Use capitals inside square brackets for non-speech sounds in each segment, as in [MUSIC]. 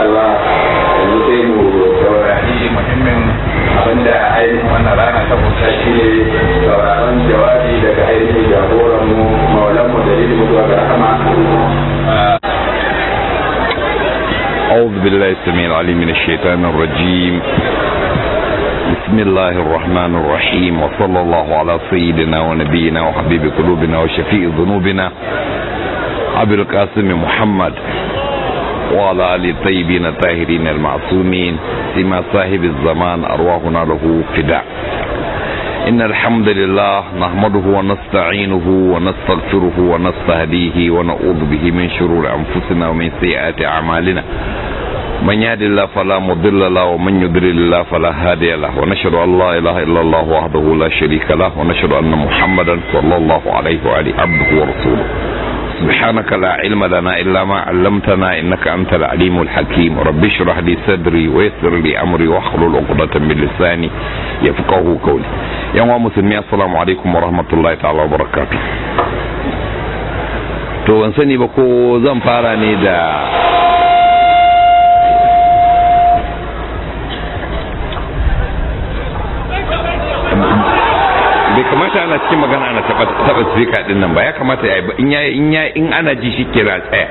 insha Allah yanzu sai mu saurari muhimmin abinda ainihin wannan rana ta kusa shi ne sauraron jawabi daga ainihin jagoran mu maulan mu da ilimin zuwa ga rahama أعوذ بالله السميع العليم من الشيطان الرجيم بسم الله الرحمن الرحيم وصلى الله على سيدنا ونبينا وحبيب قلوبنا وشفيع ذنوبنا أبي القاسم محمد وعلى آل الطيبين الطاهرين المعصومين سما صاحب الزمان أرواحنا له فداء إن الحمد لله نحمده ونستعينه ونستغفره ونستهديه ونعوذ به من شرور أنفسنا ومن سيئات أعمالنا من يهد الله فلا مضل له ومن يضلل الله فلا هادي له ونشهد ان لا اله الا الله وحده لا شريك له ونشهد ان محمدا صلى الله عليه وعلى عبده ورسوله سبحانك لا علم لنا إلا ما علمتنا إنك أنت العليم الحكيم رب اشرح لي صدري ويسر لي أمري واحلل عقدة من لساني يفقه قولي يا أمم مسلمي السلام عليكم ورحمة الله تعالى وبركاته تو ban sani ba ko bai kamata ana cikin magana ana taba taba zika din nan ba ya kamata ya in ya in ya in ana ji shi kira tsaya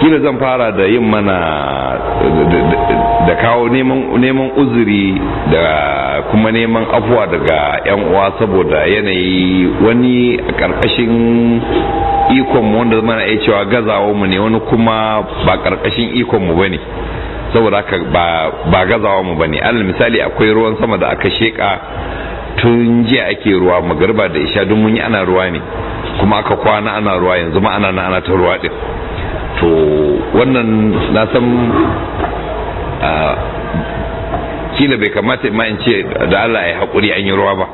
kila zan fara da yin mana da kawo neman uzuri da kuma neman afuwa daga 'yan uwa saboda yanayi wani a ƙarƙashin ikonmu wanda mana iya cewa gazawo mu ne wani kuma ba karkashin ikonmu ba ne saboda haka ba gazawa mu bane alal misali akwai ruwan sama da aka sheka tun jiya ake ruwa magarba da isha duk mun yi ana ruwa ne kuma aka kwana ana ruwa yanzu ma ana na ana ta ruwa din to wannan na san kila bai kamata ma in ce da Allah ya haƙuri an yi ruwa ba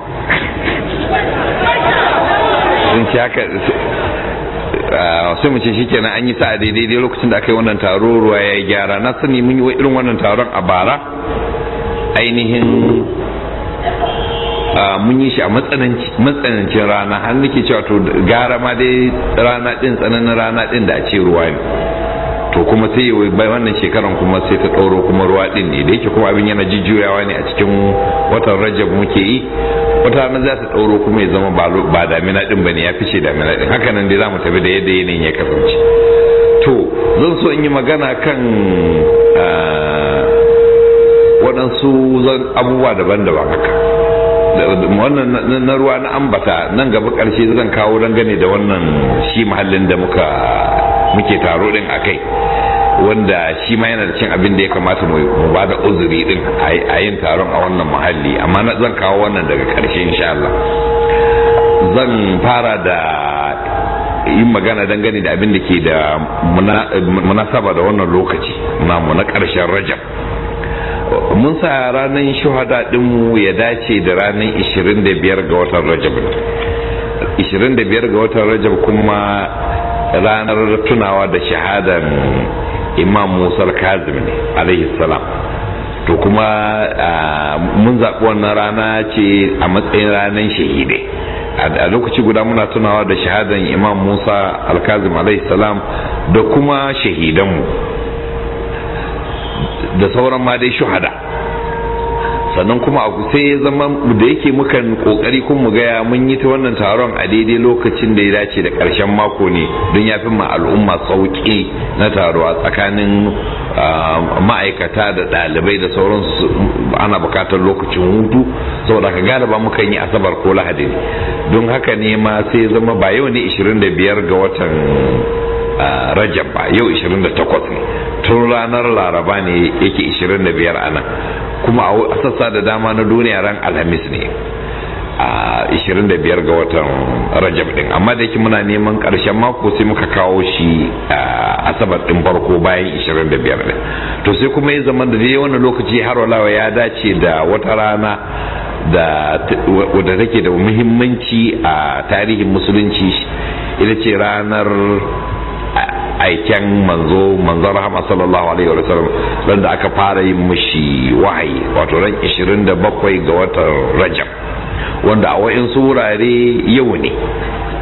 Ah, sai mu ce shikenan an yi sa daidai lokacin da aka yi wannan taro ruwa ya gyara na sani mun yi irin wannan taron a bara ainihin ah, mun yi shi a matsanancin rana har nake cewa to gara ma dai rana din tsananin rana din da a ce ruwa ne to kuma sai bai wannan shekaran kuma sai ta ɗauro kuma ruwa ɗin ne da yake kuma abin yana jijjuyawa ne a cikin watan rajab muke yi wata ranar za ta ɗauro kuma ya zama ba damina ɗin ba ne ya fice damina ɗin haka nan dai za mu tafi da yadda yanayin ya kasance to zan so in yi magana kan ah, waɗansu abubuwa daban-daban haka wannan na ruwa na ambata nan gaba ƙarshe zan kawo dangane da wannan shi muhallin da muka muke taro a kai. wanda shi ma yana da cin abin da ya kamata mu ba da uzuri din a yin taron a wannan muhalli amma na zan kawo wannan daga karshe insha Allah zan fara da yin magana dangane da abin da ke da munasaba da wannan lokaci namu na karshen rajab mun sa ranar shuhada mu ya dace da ranar 25 ga watan rajab 25 ga watan rajab kuma ranar tunawa da shahadar imam musa al-kazim ne alaihi salam to kuma mun zaɓi wannan rana ce a matsayin ranar shahidai a lokaci guda muna tunawa da shahadan imam musa al-kazim alaihi salam da kuma shahidanmu da sauran ma dai shuhada sannan kuma a sai ya zama da yake mukan kokari kun mu gaya mun yi ta wannan taron a daidai lokacin da ya dace da karshen mako ne don ya fi ma al'umma sauƙi na taro tsakanin ma'aikata da ɗalibai da sauransu ana buƙatar lokacin hutu saboda ka galiba mukan yi asabar ko lahadi don haka ne ma sai ya zama ba yau ne 25 ga watan rajab ba yau 28 ne tun ranar laraba ne yake 25 a nan kuma a sassa da dama na duniya ran alhamis ne a 25 ga watan rajab din amma da yake muna neman karshen mako sai muka kawo shi a asabar din farko bayan 25 din to sai kuma ya zama da dai wannan lokaci har walawa ya dace da wata rana da take da muhimmanci a tarihin musulunci ita ce ranar aiken manzo Manzo rahama sallallahu alaihi wa sallam ran da aka fara yin mushi wahayi wato ran 27 ga watan rajab wanda a su wurare yau ne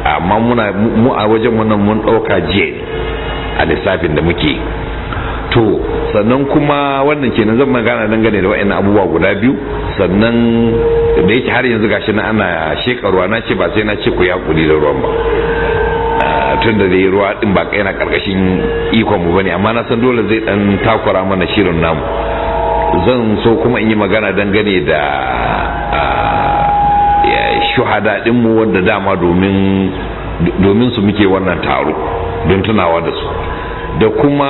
amma muna mu a wajen wannan mun ɗauka jiya a lissafin da muke to sannan kuma wannan kenan zan magana dangane da wa'annan abubuwa guda biyu sannan da yake har yanzu gashi na ana shekaruwa na ce ba sai na ce ku ya kuli da ruwan ba tunda da yi ruwa din ba yana karkashin ikon mu bane amma na san dole zai dan takura mana shirin namu zan so kuma in yi magana dangane da shuhada din mu wanda dama domin domin su muke wannan taro don tunawa da su da kuma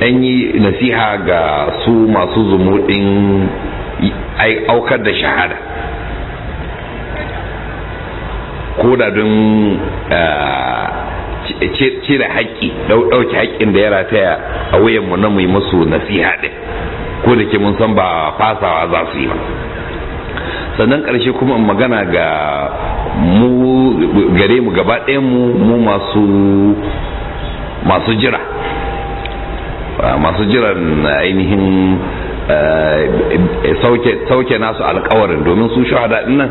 dan yi nasiha ga su masu zumuɗin aukar da shahada ko da don eh, cire haƙƙi ɗauke haƙƙin da ya rataya a wuyanmu na mai masu nasiha ɗin ko da ke mun san ba fasawa za su yi ba sannan ƙarshe kuma magana ga mu gare mu gaba mu mu masu masu jira ah, masu jiran ainihin eh, sauke nasu alkawarin domin su shahada nan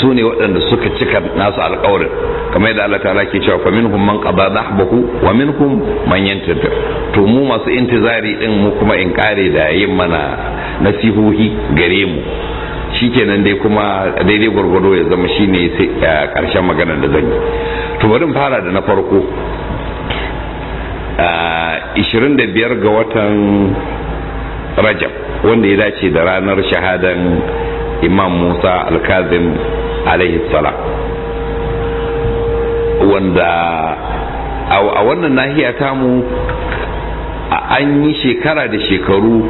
su ne waɗanda suka cika nasu alƙawarin kamar yadda Allah ta'ala ke cewa fa man qada nahbahu wa minkum man yantazir to mu masu intizari din mu kuma in kare da yin mana nasihohi gare mu shikenan dai kuma daidai gwargwado ya zama shine sai karshen eh, magana da zan yi to bari fara da na farko 25 eh, ga watan rajab wanda ya dace da ranar shahadan imam musa alkazim alaihi salam wanda a wannan nahiya tamu an yi shekara da shekaru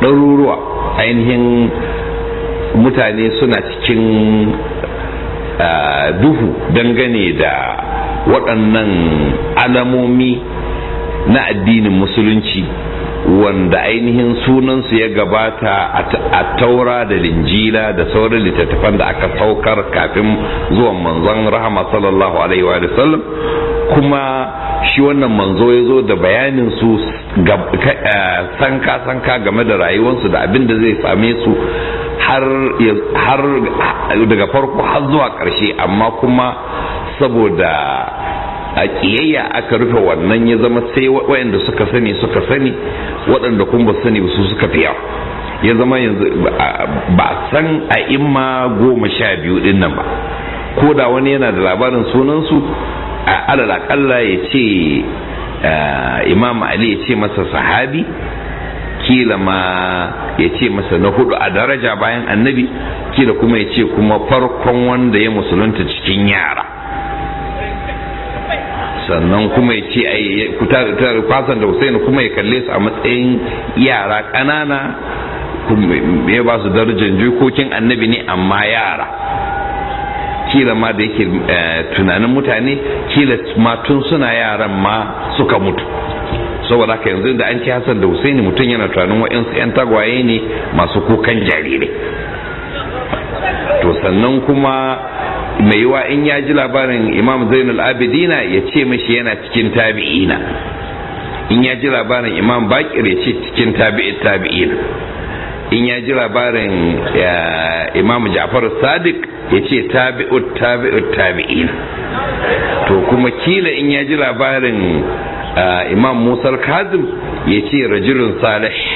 ɗaruruwa ainihin mutane suna cikin duhu dangane da waɗannan alamomi na addinin musulunci wanda ainihin sunansu ya gabata a taura da linjila da sauran littattafan da aka saukar kafin zuwan manzon rahama sallallahu alaihi wa sallam kuma shi wannan manzo ya zo da bayanin su sanka sanka game da rayuwarsu da abin da zai same su har daga farko har zuwa ƙarshe amma kuma saboda a kiyayya aka rufe wannan ya zama sai waɗanda suka sani suka sani waɗanda kuma ba sani su suka fiya ya zama yanzu ba san a imma goma sha biyu din nan ba ko da wani yana da labarin sunansu a alal akalla ya ce imam ali ya ce masa sahabi kila ma ya ce masa na hudu a daraja bayan annabi kila kuma ya ce kuma farkon wanda ya musulunta cikin yara sannan kuma ya ce ai kwasan da Hussein kuma ya kalle su a matsayin yara ƙanana ya ba su darajar jikokin annabi ne amma yara kila ma da yake eh, tunanin mutane kila ma tun suna yaran ma suka mutu saboda haka yanzu da an ci Hassan da Hussein mutum yana tunanin wa'insu 'yan tagwaye ne masu kukan jariri to sannan kuma mai yiwa in ya ji labarin imam zainul abidina ya ce mashi yana cikin tabi'ina in ya ji labarin imam bakir ya ce cikin tabi'in tabi'ina in ya ji labarin imam ja'far sadiq ya ce tabi'ut tabi'ut tabi'ina to kuma kila in ya ji labarin ah, imam musar kazim ya ce rajulun salih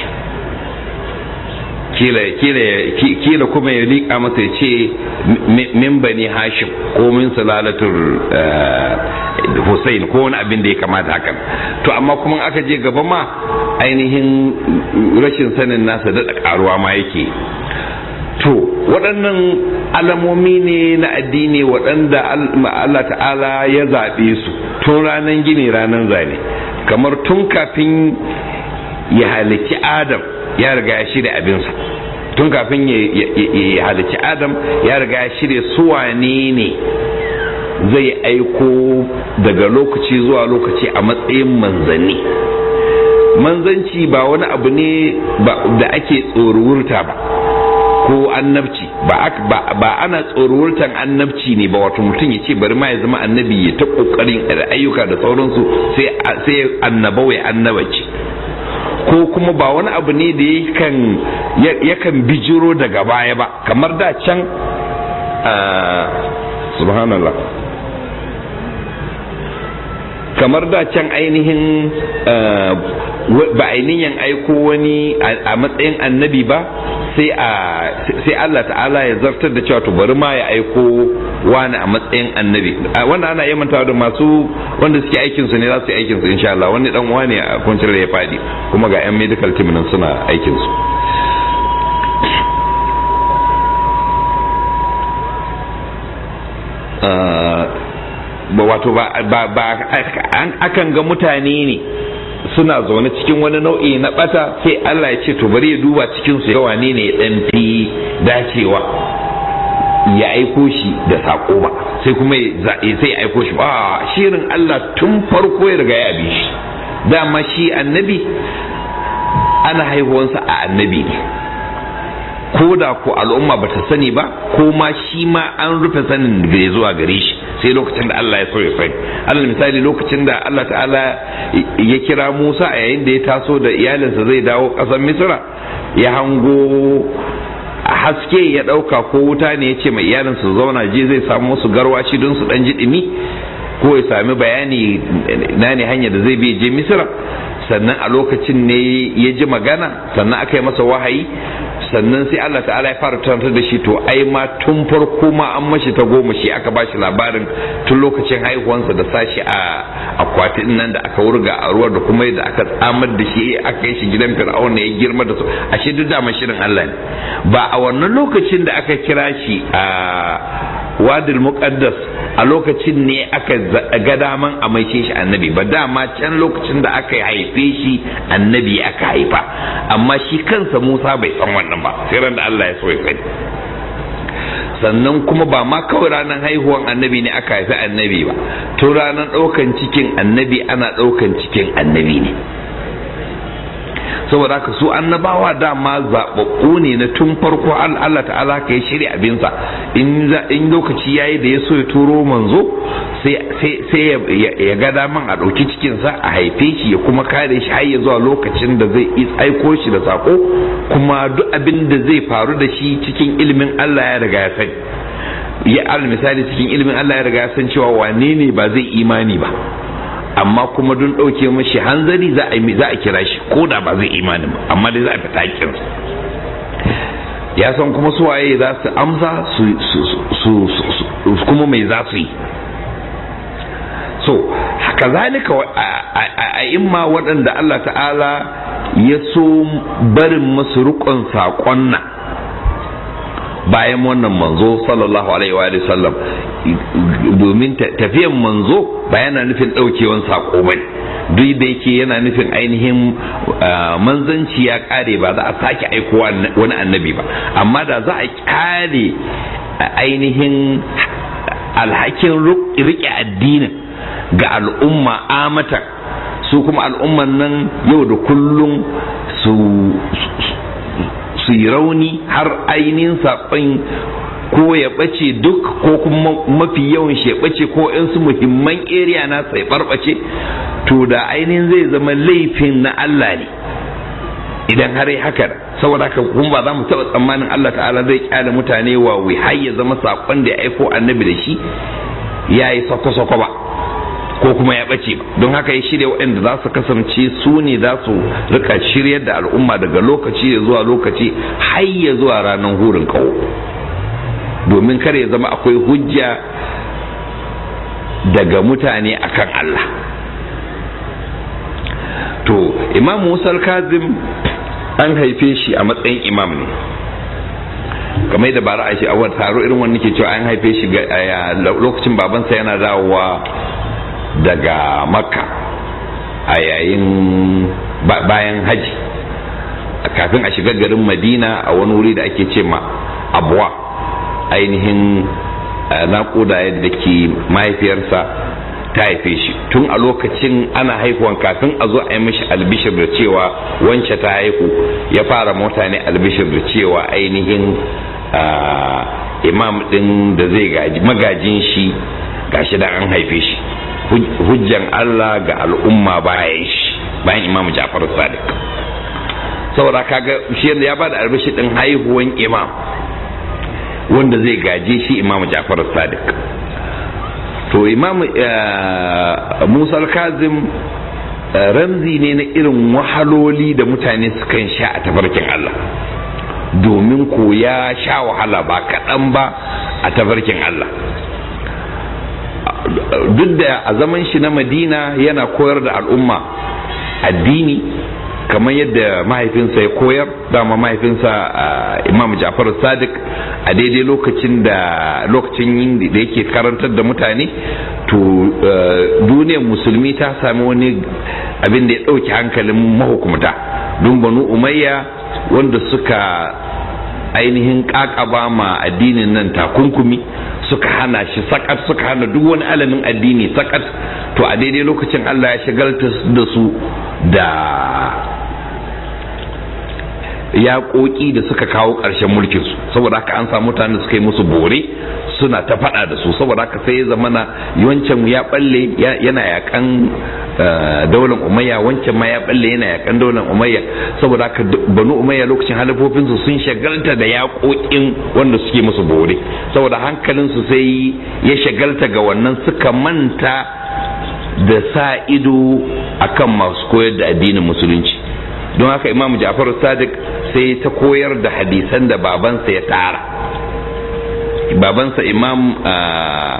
kila kila kila kuma ya liƙa masa ya ce min bani hashim ko min salalatul eh, Hussein ko wani abin da ya kamata hakan to amma kuma aka je gaba ma ainihin rashin sanin nasa da karuwa ma yake to waɗannan alamomi ne na addini waɗanda Allah ta'ala ya zaɓe su tun ranar gini ranar zane kamar tun kafin ya halicci adam ya riga shi da abinsa tun kafin ya halici adam ya riga shirya suwane ne zai aiko daga lokaci zuwa lokaci a matsayin manzanni manzanci ba wani abu ne da ake tsoruwurta ba ko annabci ba ana tsoruwurtan annabci ne ba wato mutum ya ce bari ma ya zama annabi ya ta kokarin ayyuka da sauransu sai annabawa ya annabaci ko kuma ba wani abu ne da yakan bijiro daga baya ba kamar da can ah, subhanallah kamar da can ainihin ah, ba ainihin aiko wani a matsayin annabi ba sai Allah ta'ala ya zartar da cewa to bari ma ya aiko wani a matsayin annabi wanda ana yi mantawa da masu wanda suke aikin su ne za su yi aikin su insha Allah wani dan uwa ne a da ya fadi kuma ga yan medical team nan suna aikin su wato ba akan ga mutane ne suna zaune cikin wani nau'i na bata sai Allah ya ce to bari ya duba cikin su yawa ne ne dan fi dacewa ya aiko shi da sako ba sai kuma sai ya aiko shi ba shirin Allah tun farko ya riga ya bi shi dama shi annabi ana haihuwansa a annabi ne ko da ko al'umma ba ta sani ba ko ma shi ma an rufe sanin da ya zuwa gare shi sai lokacin da Allah ya so ya alal misali lokacin da Allah ta'ala ya kira Musa a yayin da ya taso da iyalinsa zai dawo ƙasar Misra ya hango haske ya ɗauka ko wuta ne ya ce mai iyalinsa zauna je zai samu su garwashi don su ɗan ji ɗumi ko ya sami bayani na ne hanyar da zai bi je misira sannan a lokacin ne ya ji magana sannan aka yi masa wahayi sannan sai Allah ta'ala ya fara tantar da shi to ai ma tun farko ma an mashi ta goma shi aka bashi labarin tun lokacin haihuwansa da sashi a akwati nan da aka wurga a ruwa da kuma da aka tsamar da shi aka yi shi gidan fir'auna ya girma da su a shi duk da shirin Allah ne ba a wannan lokacin da aka kira shi a wadil muqaddas a lokacin ne aka ga daman a maishe shi annabi ba dama can lokacin da aka haife shi annabi aka haifa amma shi kansa musa bai san wannan ba sai ran da allah ya so ya sani sannan kuma ba ma kawai ranar haihuwan annabi ne aka haifi annabi ba to ranar ɗaukan cikin annabi ana ɗaukan cikin annabi ne saboda haka su annabawa dama zaɓaɓɓu ne na tun farko Allah ta'ala ka yi shirya abinsa in lokaci ya yi da ya so ya turo manzo sai ya ga daman a ɗauki cikinsa a haife shi ya kuma kare shi har ya zuwa lokacin da zai aiko shi da sako kuma duk abin da zai faru da shi cikin ilimin Allah ya riga ya sani ya al misali cikin ilimin Allah ya riga ya san cewa wane ne ba zai imani ba amma kuma dun ɗauke mashi hanzari za a kira shi ko da ba zai imani ba amma dai za a fita kiran ya san kuma su waye za su amsa su kuma mai za su yi so haka zalika a imma waɗanda Allah ta'ala ya so barin masu rukun saƙon nan bayan wannan manzo sallallahu alaihi wa sallam domin tafiyan manzo ba yana nufin daukewan sako mai. duk da yake yana nufin ainihin ah, manzanci ya kare ba za a sake aikowa wani annabi ba amma da za a kare ah, ainihin alhakin rike addinin ga al'umma amata su kuma al'umman nan yau da kullum su su rauni har ainihin saɓin ko ya ɓace duk ko kuma mafi yawan shi ya ɓace ko su muhimman area na sai ɓarɓace to da ainihin zai zama laifin na Allah ne idan har yi haka saboda haka kuma ba za mu taɓa tsammanin Allah ta'ala zai kyale mutane wa wai har ya zama saƙon da ya aiko annabi da shi ya yi sako-sako ba ko kuma ya ɓace don haka ya shirya waɗanda za su kasance su ne za su rika shiryar da al'umma daga lokaci ya zuwa lokaci har ya zuwa ranar hurin kawo domin kar ya zama akwai hujja daga mutane akan Allah to imam musal kazim an haife shi a matsayin imam ne kamar da bara a shi a taro irin wani ke cewa an haife shi lokacin babansa yana dawowa daga makka a yayin bayan haji kafin a shiga garin madina a wani wuri da ake ce ma abuwa ainihin eh, naƙuda da ke mahaifiyarsa ta haife shi tun a lokacin ana haihuwan kafin a zo a yi mishi albishir da cewa wance ta haihu ya fara mota ne albishir da cewa ainihin eh, imam din da zai gaji magajin shi gashi da an haife shi hujjan Allah ga al'umma bayan shi bayan imamu Ja'far Sadiq saboda kaga shi ya bada albashi din haihuwan imam wanda zai gaje shi imamu Ja'far Sadiq to imam eh, Musa al-Kazim eh, ramzi ne na irin wahaloli da mutane sukan sha a tafarkin Allah domin ko ya sha wahala ba kaɗan ba a tafarkin Allah duk da a zaman shi na madina yana koyar da al'umma addini kamar yadda mahaifinsa ya koyar dama mahaifinsa ah, imam jafar sadiq a daidai lokacin da lokacin da yake karantar da mutane to ah, duniyar musulmi ta sami wani abin da ya ɗauki hankalin mahukumta don banu umayya wanda suka ainihin kakaba ma addinin nan takunkumi suka hana shi sakat suka hana duk wani alamin addini sakat to a daidai lokacin Allah ya shagalta da su da yaƙoƙi da suka kawo ƙarshen mulkin su saboda haka an samu mutane suka yi musu bore suna ta faɗa da su saboda haka sai ya zamana yawancin ya balle yana yaƙan eh, daular umayya wancan ma ya balle yana yaƙan daular umayya saboda haka banu umayya lokacin halifofin sun shagalta da yaƙoƙin wanda suke musu bore saboda hankalin su sai ya shagalta ga wannan suka manta da sa ido akan masu koyar da addinin musulunci don haka imam ja'far sadiq sai ta koyar da hadisan da babansa ya tara babansa imam ah,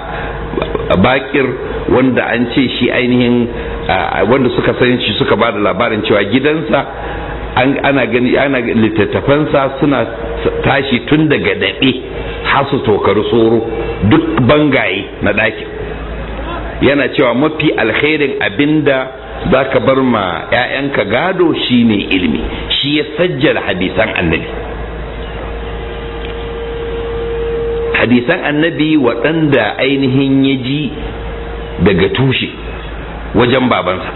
bakir wanda an ce shi ainihin ah, wanda suka san shi suka ba da labarin cewa gidansa ana gani ana littattafansa suna tashi tun daga daɗe hasu tokaru tsoro duk bangaye na ɗakin yana cewa mafi alherin abinda za ka bar ma 'ya'yanka gado shi ne ilimi shi ya sajjar hadisan annabi hadisan annabi waɗanda ainihin ya ji daga tushe wajen babansa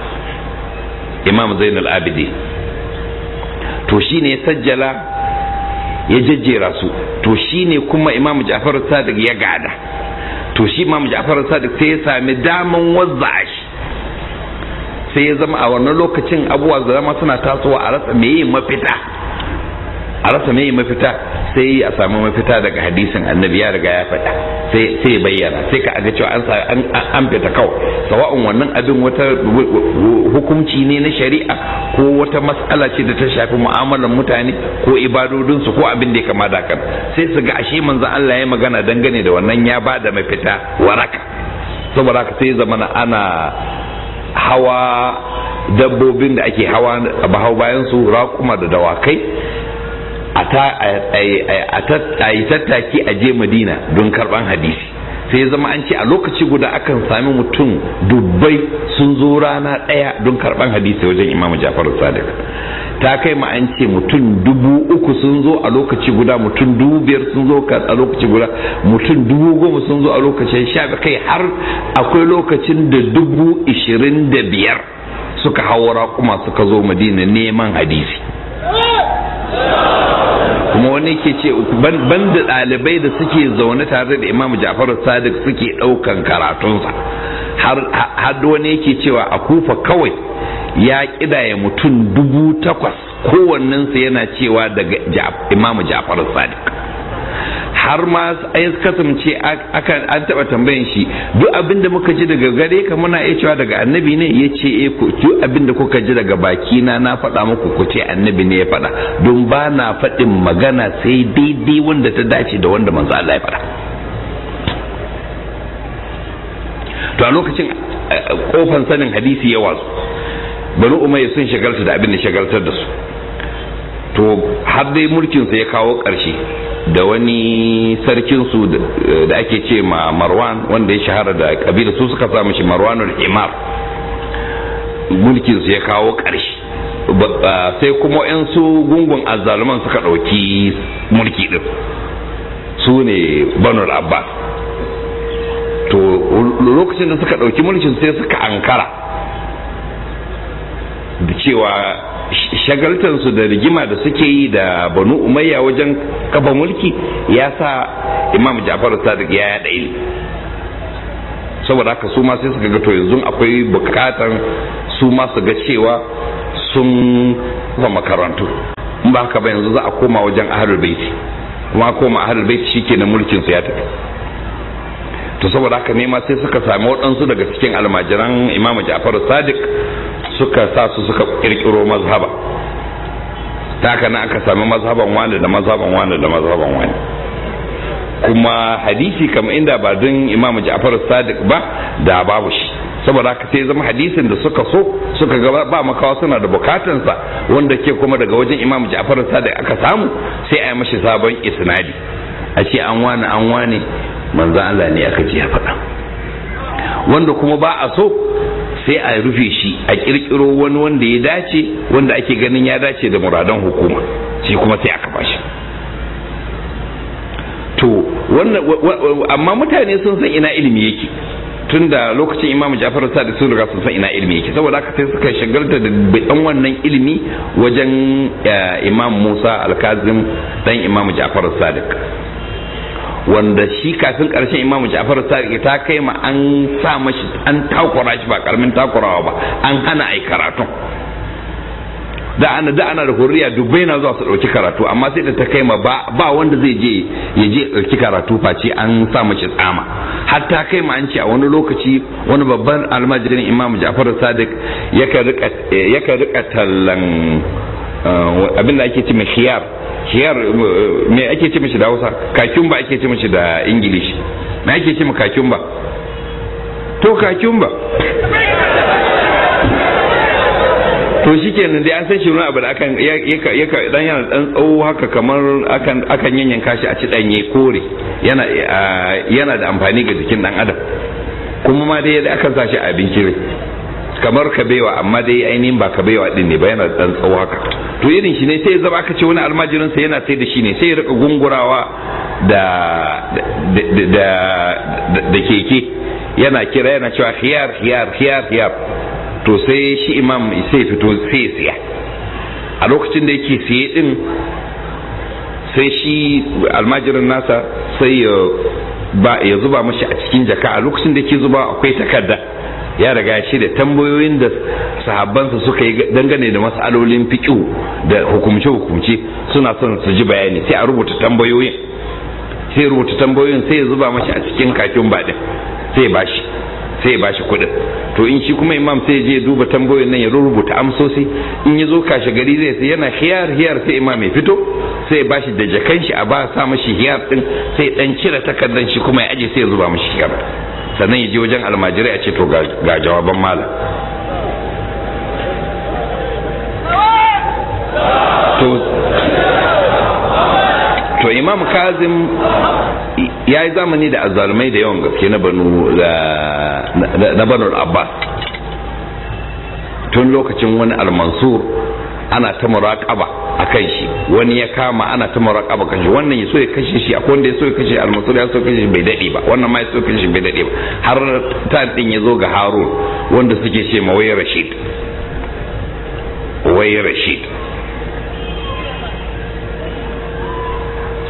imam zainal abidi to shi ne ya sajjala ya jajjera su to shi ne kuma imam ja'far sadiq ya gada to shi imam ja'far sadiq sai ya sami daman wazza shi sai ya zama a wannan lokacin abubuwa da zama suna tasowa a rasa mai mafita a rasa meye mafita sai a samu mafita daga hadisin annabi ya riga ya faɗa sai ya bayyana sai ka aga cewa an an fita kawai sawa'un wannan abin wata hukunci ne na shari'a ko wata mas'ala ce da ta shafi mu'amalar mutane ko ibadodin ko abin da ya kama da kan sai su ga ashe manzo Allah ya magana dangane da wannan ya ba da mafita waraka saboda haka sai zamana ana hawa dabbobin da ake hawa bahau bayan su raƙuma da dawakai a yi tattaki a je madina don karban hadisi sai zama an ce a lokaci guda akan sami mutum dubbai sun zo rana ɗaya don karɓan hadisi wajen imamu jafar sadiq ta kai ma an ce mutum dubu uku sun zo a lokaci guda mutum dubu biyar sun zo a lokaci guda mutum dubu goma sun zo a lokacin sha kai har akwai lokacin da dubu ishirin da biyar suka hawa raƙuma suka zo madina neman hadisi kuma wani ke ce ban da ɗalibai da suke zaune tare da imam jafar sadiq suke ɗaukan karatunsa har wani yake cewa a kufa kawai ya ƙidaya mutum dubu takwas kowannensu yana cewa daga imam jafar sadiq har ma ya kasance an taɓa tambayan shi duk abin da muka ji daga gare ka muna iya cewa daga annabi ne ya ce e ku duk abin da kuka ji daga baki na na faɗa muku ku ce annabi ne ya faɗa don ba na faɗin magana sai daidai wanda ta dace da wanda manzo Allah ya faɗa to a lokacin kofan eh, sanin hadisi ya watsu bani umayya sun shagalta da abin da shagaltar da su to har dai mulkin mulkinsa ya kawo ƙarshe da wani sarkinsu da ake ce ma marwan wanda ya shahara da kabila su suka samu shi marwanul imar mulkinsu ya kawo ƙarshe sai kuma su gungun azzaluman suka ɗauki mulki ɗin su ne banul abbas to lokacin da suka ɗauki mulkin sai suka ankara da cewa shagaltansu da rigima da suke yi da banu umayya wajen kafa mulki ya sa imam ja'far sadiq ya yada ili saboda haka su ma sai suka ga to yanzu akwai bukatan su ma su ga cewa sun ba makarantu in ba haka ba yanzu za a koma wajen ahlul baiti kuma koma ahlul baiti na mulkin su ya tafi to saboda haka ne ma sai suka sami waɗansu daga cikin almajiran imamu ja'faru sadiq suka sa su suka kirkiro mazhaba ta haka na aka sami mazhaban wani da mazhaban wani da mazhaban wani kuma hadisi kamar inda ba don imamu ja'faru sadiq ba da babu shi saboda haka sai zama hadisin da suka so suka ga ba makawa suna da bukatansa wanda ke kuma daga wajen imamu jafaru sadiq aka samu sai a yi mashi sabon isnadi a ce an wani an wani manzan Allah ne aka ce ya faɗa wanda kuma ba a so sai a rufe shi a kirkiro wani wanda ya dace wanda ake ganin ya dace da muradan hukuma shi kuma sai aka bashi to amma mutane sun san ina ilimi yake tun da lokacin imamu jafar sadi sun sun san ina ilimi yake saboda haka sai suka shagalta da dan wannan ilimi wajen eh, imam musa alkazim dan imamu jafar sadiq wanda shi kafin karshen Imam ja'far sadiq ta kai ma an sa mashi an takura shi ba karamin takurawa ba an hana ai karatu da ana da ana da hurriya dubbai na zuwa su dauki karatu amma sai da ta kai ma ba wanda zai je ya je dauki karatu face an sa mashi tsama har ta kai ma an ce a wani lokaci wani babban almajirin imamu ja'far sadiq yakan rika yakan rika tallan Eh, abin da ake ce mai khiyar khiyar eh, me ake ce mishi da Hausa kakumba ake ce mishi da English me ake ce kakumba to kakumba to shikenan dai an san shi abu da akan yaka dan yana dan tsawo haka kamar akan akan yanyanka kashi a ci danye kore yana eh, yana da amfani ga jikin dan adam kuma ma dai akan sa shi a abinci kamar ka baiwa amma dai ainihin ba ka baiwa ɗin ne ba yana dan tsawo haka to irin shi ne sai ya zaba aka ce wani almajirin yana sai da shi ne sai ya rika gungurawa da keke yana kira yana cewa khiyar khiyar khiyar khiyar to sai shi imam sai fito sai siya a lokacin da yake siye din sai shi almajirin nasa sai ya zuba mashi a cikin jaka a lokacin da yake zuba akwai takarda ya riga shi da tambayoyin da sahabbansa suka yi dangane da mas'alolin fiqh da hukumce-hukumce suna son su ji bayani sai a rubuta tambayoyin sai rubuta tambayoyin sai ya zuba mashi a cikin kakin baɗin sai bashi sai bashi kuɗin to in shi kuma imam sai je duba tambayoyin nan ya rubuta amsosi in ya zo kashe gari zai sai yana hiyar hiyar sai imam ya fito sai bashi da jakan shi a ba sa mashi hiyar din sai dan cire takardar shi kuma ya aje sai ya zuba mashi hiyar sannan ya wajen almajirai a ce to ga jawaban malam to imam kazim ya yi zamani da azalmai da yawan gaske na banu na abbas tun lokacin wani almansur ana ta muraqaba akan shi wani ya kama ana ta muraqaba kan shi wannan yaso ya kashe shi akwai wanda yaso ya kashe al ya so kashe shi bai dade ba wannan ma yaso kashe shi bai dade ba har ta din yazo ga Harun wanda suke ce ma wai Rashid wai Rashid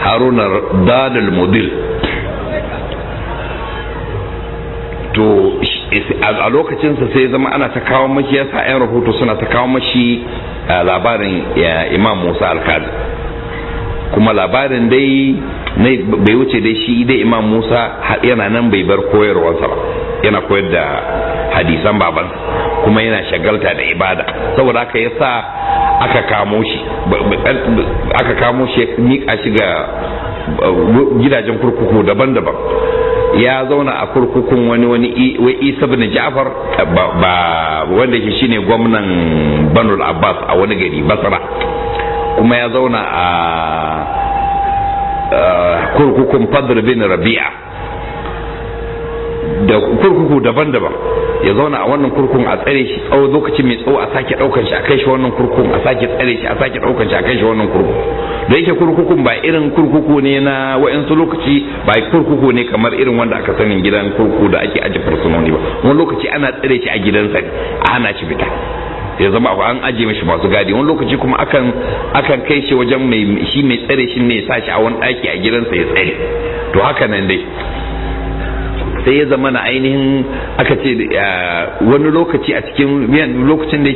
Haruna dadal mudil to a lokacinsa sai zama ana ta kawo mashi yasa 'yan rahoto suna ta kawo mashi labarin imam musa al-Kadhi. kuma labarin dai bai wuce dai shi dai imam musa yana nan bai bar koyarwarsa ba yana koyar da hadisan baban kuma yana shagalta da ibada saboda haka ya aka kamo shi aka kamo shi ya mika shi ga gidajen kurkuku daban-daban ya zauna a kurkukun wani wani wai isa bin ja'far ba wanda shi shine gwamnan banul abbas a wani gari basra kuma ya zauna a kurkukun fadl bin rabi'a da kurkuku daban-daban ya zauna a wannan kurkun a tsare shi tsawo lokaci mai tsawo a sake daukan shi a kai shi wannan kurkun a sake tsare shi a sake daukan shi a kai shi wannan kurkun da yake kurkukun ba irin kurkuku ne na wa'ansu lokaci ba kurkuku ne kamar irin wanda aka sanin gidan kurkuku da ake aje fursunoni ba wani lokaci ana tsare shi a gidansa ne a hana shi fita ya zama an aje mishi masu gadi wani lokaci kuma akan akan kai shi wajen mai shi mai tsare shi ne ya sa shi a wani daki a gidansa ya tsare to haka nan dai sai ya zama na ainihin aka ce wani lokaci a cikin lokacin da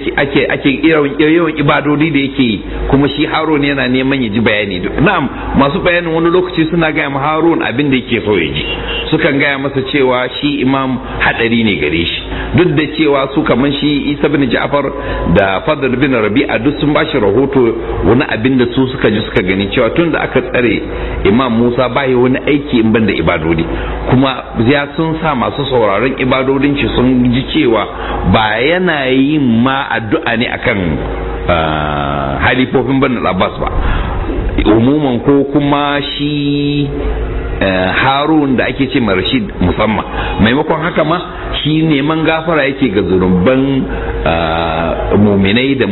ake yawan ibadodi da yake yi kuma shi harun yana neman ya ji bayani na'am masu bayanin wani lokaci suna gaya ma harun abin da yake so ya ji sukan gaya masa cewa shi imam hadari ne gare shi duk da cewa su kamar shi isa bin ja'far da fadl bin rabi'a duk sun bashi rahoto wani abin da su suka ji suka gani cewa tun da aka tsare imam musa bai wani aiki in ban da ibadodi kuma ya sun sa masu sauraron ibadodin shi sun ji cewa ba yana yin ma addu'a ne akan ah, halifofin bani abbas ba umuman ko kuma shi Eh, harun da ake ce ma rashid musamman maimakon haka ma shi neman gafara yake ga zunuban eh, muminai da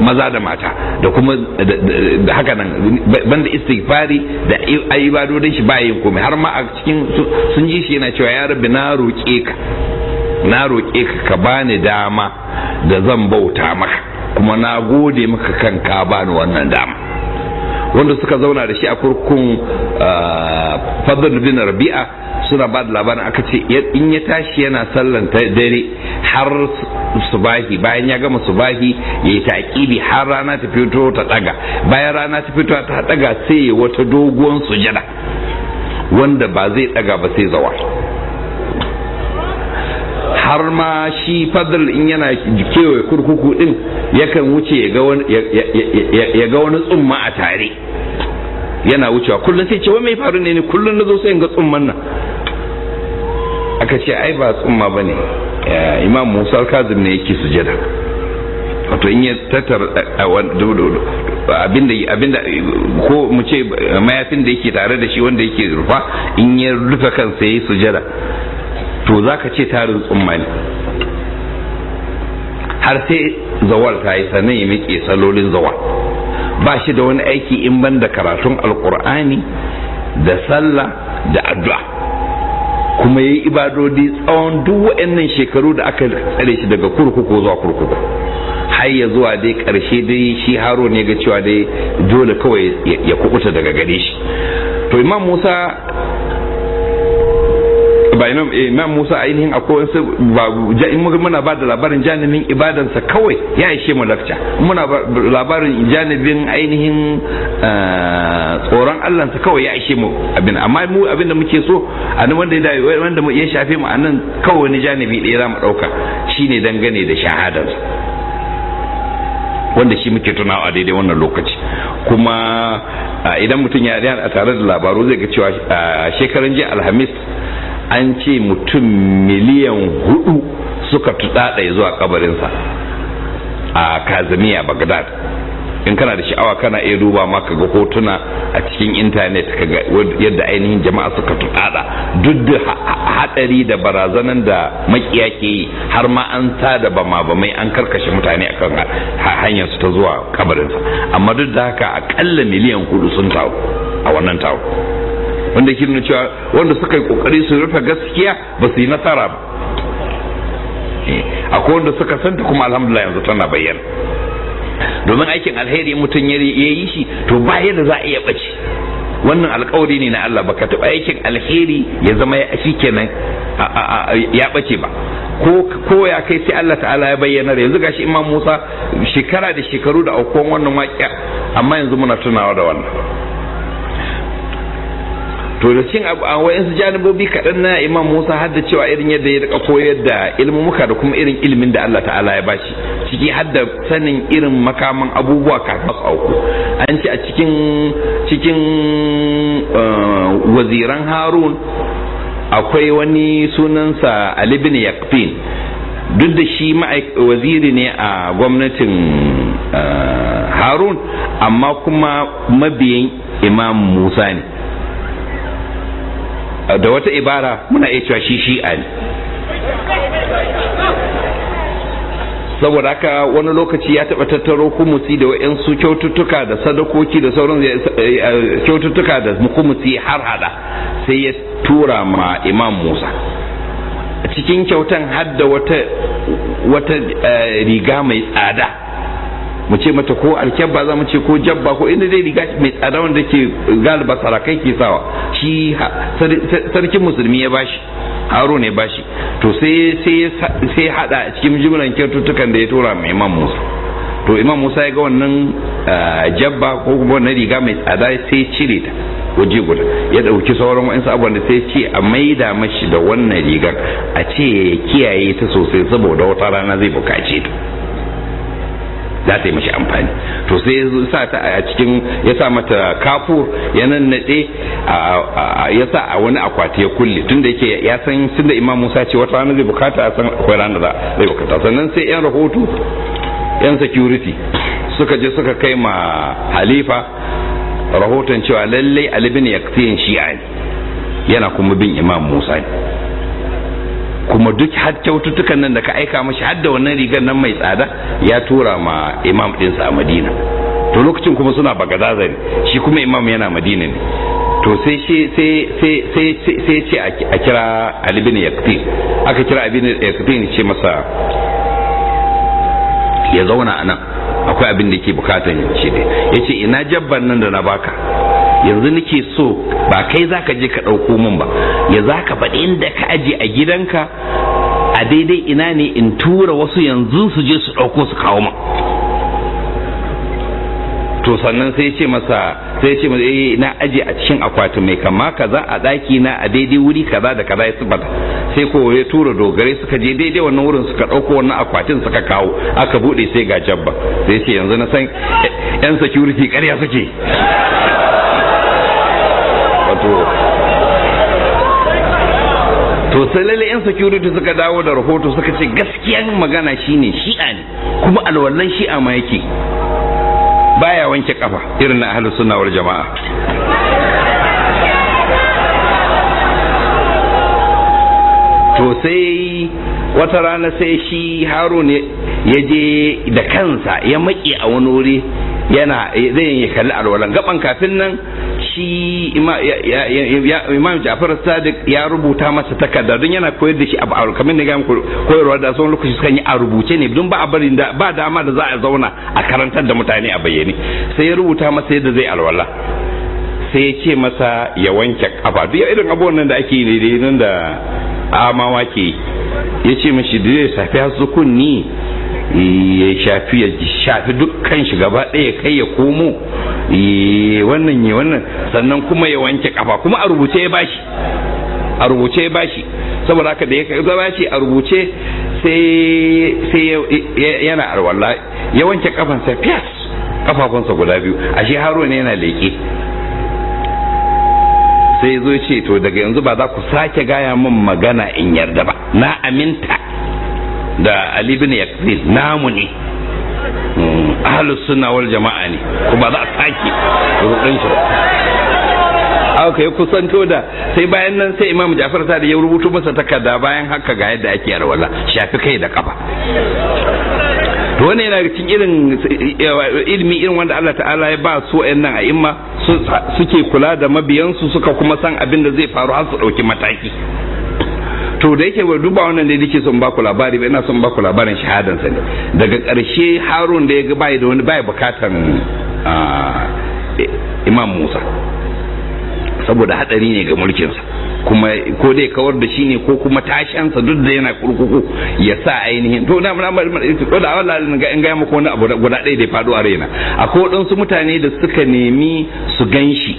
maza da mata da kuma da haka nan banda istighfari da ibadodin shi bayan komai har ma a cikin sun ji shi yana cewa ya rabbi na roƙe ka na roƙe ka ka bani dama da zan bauta maka kuma na gode maka kan ka bani wannan dama wanda suka zauna da shi a kurkun ah, fadl bin rabi'a suna ba da labarin aka ce in ya tashi yana sallan dare har subahi bayan ya gama subahi ya yi taƙibi har rana ta fito ta ɗaga bayan rana ta fito ta ɗaga sai wata doguwan jada wanda ba zai ɗaga ba sai zawa har ma shi fadl in yana kewaye kurkuku din yakan wuce ya ga wani tsumma a tare yana wucewa kullum sai ce wa mai faru ne ne kullum na zo sai ga tsumman nan aka ce ai ba tsumma ba ne imam musa kazim ne yake sujada wato in ya tattar abinda ko mu ce mayafin da yake tare da shi wanda yake rufa in ya rufe kansa ya yi sujada to za ka ce tarin tsumma ne har sai zawar ta yi sannan ya miƙe salolin zawal ba shi da wani aiki in ban da karatun alkur'ani da sallah da addu'a kuma ya yi ibadodi tsawon duk waɗannan shekaru da aka tsare shi daga kurkuku zuwa kurkuku har ya zuwa dai ƙarshe dai shi haro ne ga cewa dai dole kawai ya kukuta daga gare shi to imam musa ba imam eh, imam Musa ainihin a wasu ba in muna ba da labarin janibin ibadansa kawai ya ishe mu lafca muna labarin janibin ainihin ah, tsoron allansa kawai ya ishe mu abin amma mu abin da muke so anan wanda ya wanda ya shafe mu anan kawai wani janibi ɗaya za mu ɗauka shine dangane da shahadar wanda shi muke tunawa a daidai wannan lokaci kuma ah, idan mutum ya a tare da labaru zai ga cewa ah, shekaran jiya alhamis an ce mutum miliyan hudu suka tuɗaɗa zuwa kabarinsa a kazamiya bagdad in kana da sha'awa kana iya duba ma kaga hotuna a cikin intanet kaga yadda ainihin jama'a suka tuɗaɗa duk da haɗari da barazanan da makiya ke yi har ma an ma bama bamai an karkashe mutane akan hanyar su ta zuwa kabarinsa amma duk da haka akalla miliyan hudu sun taru a wannan taro wanda ke nuna cewa wanda suka yi kokari su rufe gaskiya ba su yi nasara ba eh, akwai wanda suka santa kuma alhamdulillah yanzu tana bayyana domin aikin alheri mutum ya yi shi to ba yadda za a iya ɓace wannan alkawari ne na Allah baka taɓa aikin alheri ya zama ya shi kenan ya ɓace ba ko ya kai sai Allah ta'ala ya bayyana da yanzu gashi imam Musa shekara da shekaru da aukuwan wannan waƙiya amma yanzu muna tunawa da wannan to da cin abu a wayansu janibobi kaɗan na imam musa har cewa irin yadda ya rika koyar da ilmumuka da kuma irin ilimin da allah ta'ala ya bashi ciki har da sanin irin makaman abubuwa kafin su auku an ce a cikin cikin eh, waziran harun akwai wani sunansa ali bin yakfin duk da shi waziri ne a gwamnatin eh, harun amma kuma mabiyin imam musa ne da wata ibara muna iya cewa shi shi'a ne saboda haka wani lokaci ya taɓa tattaro kumusi da wa'yansu kyaututtuka da sadakoki da sauran kyaututtuka da kumusi har hada sai ya tura ma imam musa cikin kyautan hadda wata eh, riga mai tsada mu ce mata ko alkyabba za mu ce ko jabba ko inda dai riga mai tsada wanda ke galiba sarakai ke sawa shi sarkin musulmi ya bashi haro ne bashi to sai ya hada cikin jimlan kyaututtukan da ya tura mai imam musa to imam musa ya ga wannan jabba ko kuma wannan riga mai tsada sai cire ta waje guda ya dauki sauran wa'insu abubuwan da sai ce a maida mashi da wannan rigar a ce ya kiyaye ta sosai saboda wata rana zai bukace ta za ta yi mashi amfani to sai ya sa ta a cikin ya sa mata kafur ya nannade ya sa a wani akwati ya kulle da yake ya san da imam musa ce wata rana zai bukata a san akwai rana da zai bukata sannan sai yan rahoto yan security suka je suka kai ma halifa rahoton cewa lallai alibin yaktiyin shi'a ne yana kuma bin imam musa ne kuma duk har kyaututtukan nan da ka aika mashi har da wannan rigar nan mai tsada ya tura ma imam ɗinsa a madina to lokacin kuma suna bagadaza ne shi kuma imam yana madina ne to sai shi sai sai ce a kira alibin aka kira abin yaktin ce masa ya zauna anan akwai abin da ke bukatan shi ne ya ina jabban nan da na baka yanzu nake so ba kai zaka je ka ɗauko min ba ya zaka faɗi inda ka aje a gidanka a daidai ina ne in tura wasu yanzu su je su ɗauko su kawo min to sannan sai ce masa sai ce masa eh na aje a cikin akwatin mai kama kaza a daki na a daidai wuri kaza da kaza ya tsibata sai ko ya tura dogare suka je daidai wannan wurin suka dauko wannan akwatin suka kawo aka bude sai ga jabba sai ce yanzu na san yan security ƙarya suke wabarakatuh to sai lalle yan security suka dawo da rahoto suka ce gaskiyan magana shine shi'a ne kuma alwallan shi'a ma yake baya wanke kafa irin na ahlus sunna wal jama'a to sai wata rana sai shi harun ya je da kansa ya maki a wani wuri yana zai yi kalli alwalan gaban kafin nan shi imam jafar sadiq ya rubuta masa takarda don yana koyar da shi a kamar da gami koyarwa da lokaci sukan yi a rubuce ne don ba a bari ba dama da za a zauna a karantar da mutane a bayyane sai ya rubuta masa yadda zai alwala sai ya ce masa ya wanke kafa duk irin abubuwan nan da ake yi ne nan da amawa ke ya ce mashi da zai safiya sukunni. ya shafi ya shafi dukkan shi gaba ɗaya kai ya komo eh, wannan ya wannan sannan kuma ya wanke kafa kuma a rubuce ya bashi a rubuce ya bashi saboda haka da ya zama shi a rubuce sai yana arwalla ya wanke kafansa fiyas kafafunsa guda biyu ashe ne yana leƙe sai zo ce to daga yanzu ba za ku sake gaya min magana in yarda ba na aminta da ali bin Yaqin namu ne hmm, ahlus sunna wal jama'a ne ko za a sake rudin shi aka yi kusanto da sai bayan nan sai imam jafar ta da ya rubutu masa takarda bayan haka ga yadda ake alwala shafi kai da kafa to wannan yana cikin irin eh, ilimi irin wanda Allah ta'ala ya ba su nan a imma suke kula da mabiyansu suka kuma san abin da zai faru har su ɗauki mataki to da yake bai duba wannan da yake son baku labari ba ina son baku labarin sa ne daga ƙarshe harun da ya ga bai da wani bai bukatan imam musa saboda hadari ne ga mulkin sa kuma ko dai kawar da shi ne ko kuma tashansa duk da yana kurkuku ya sa ainihin to na muna to da Allah in ga in ga maka wani abu guda ɗaya da ya faɗo a raina akwai waɗansu mutane da suka nemi su ganshi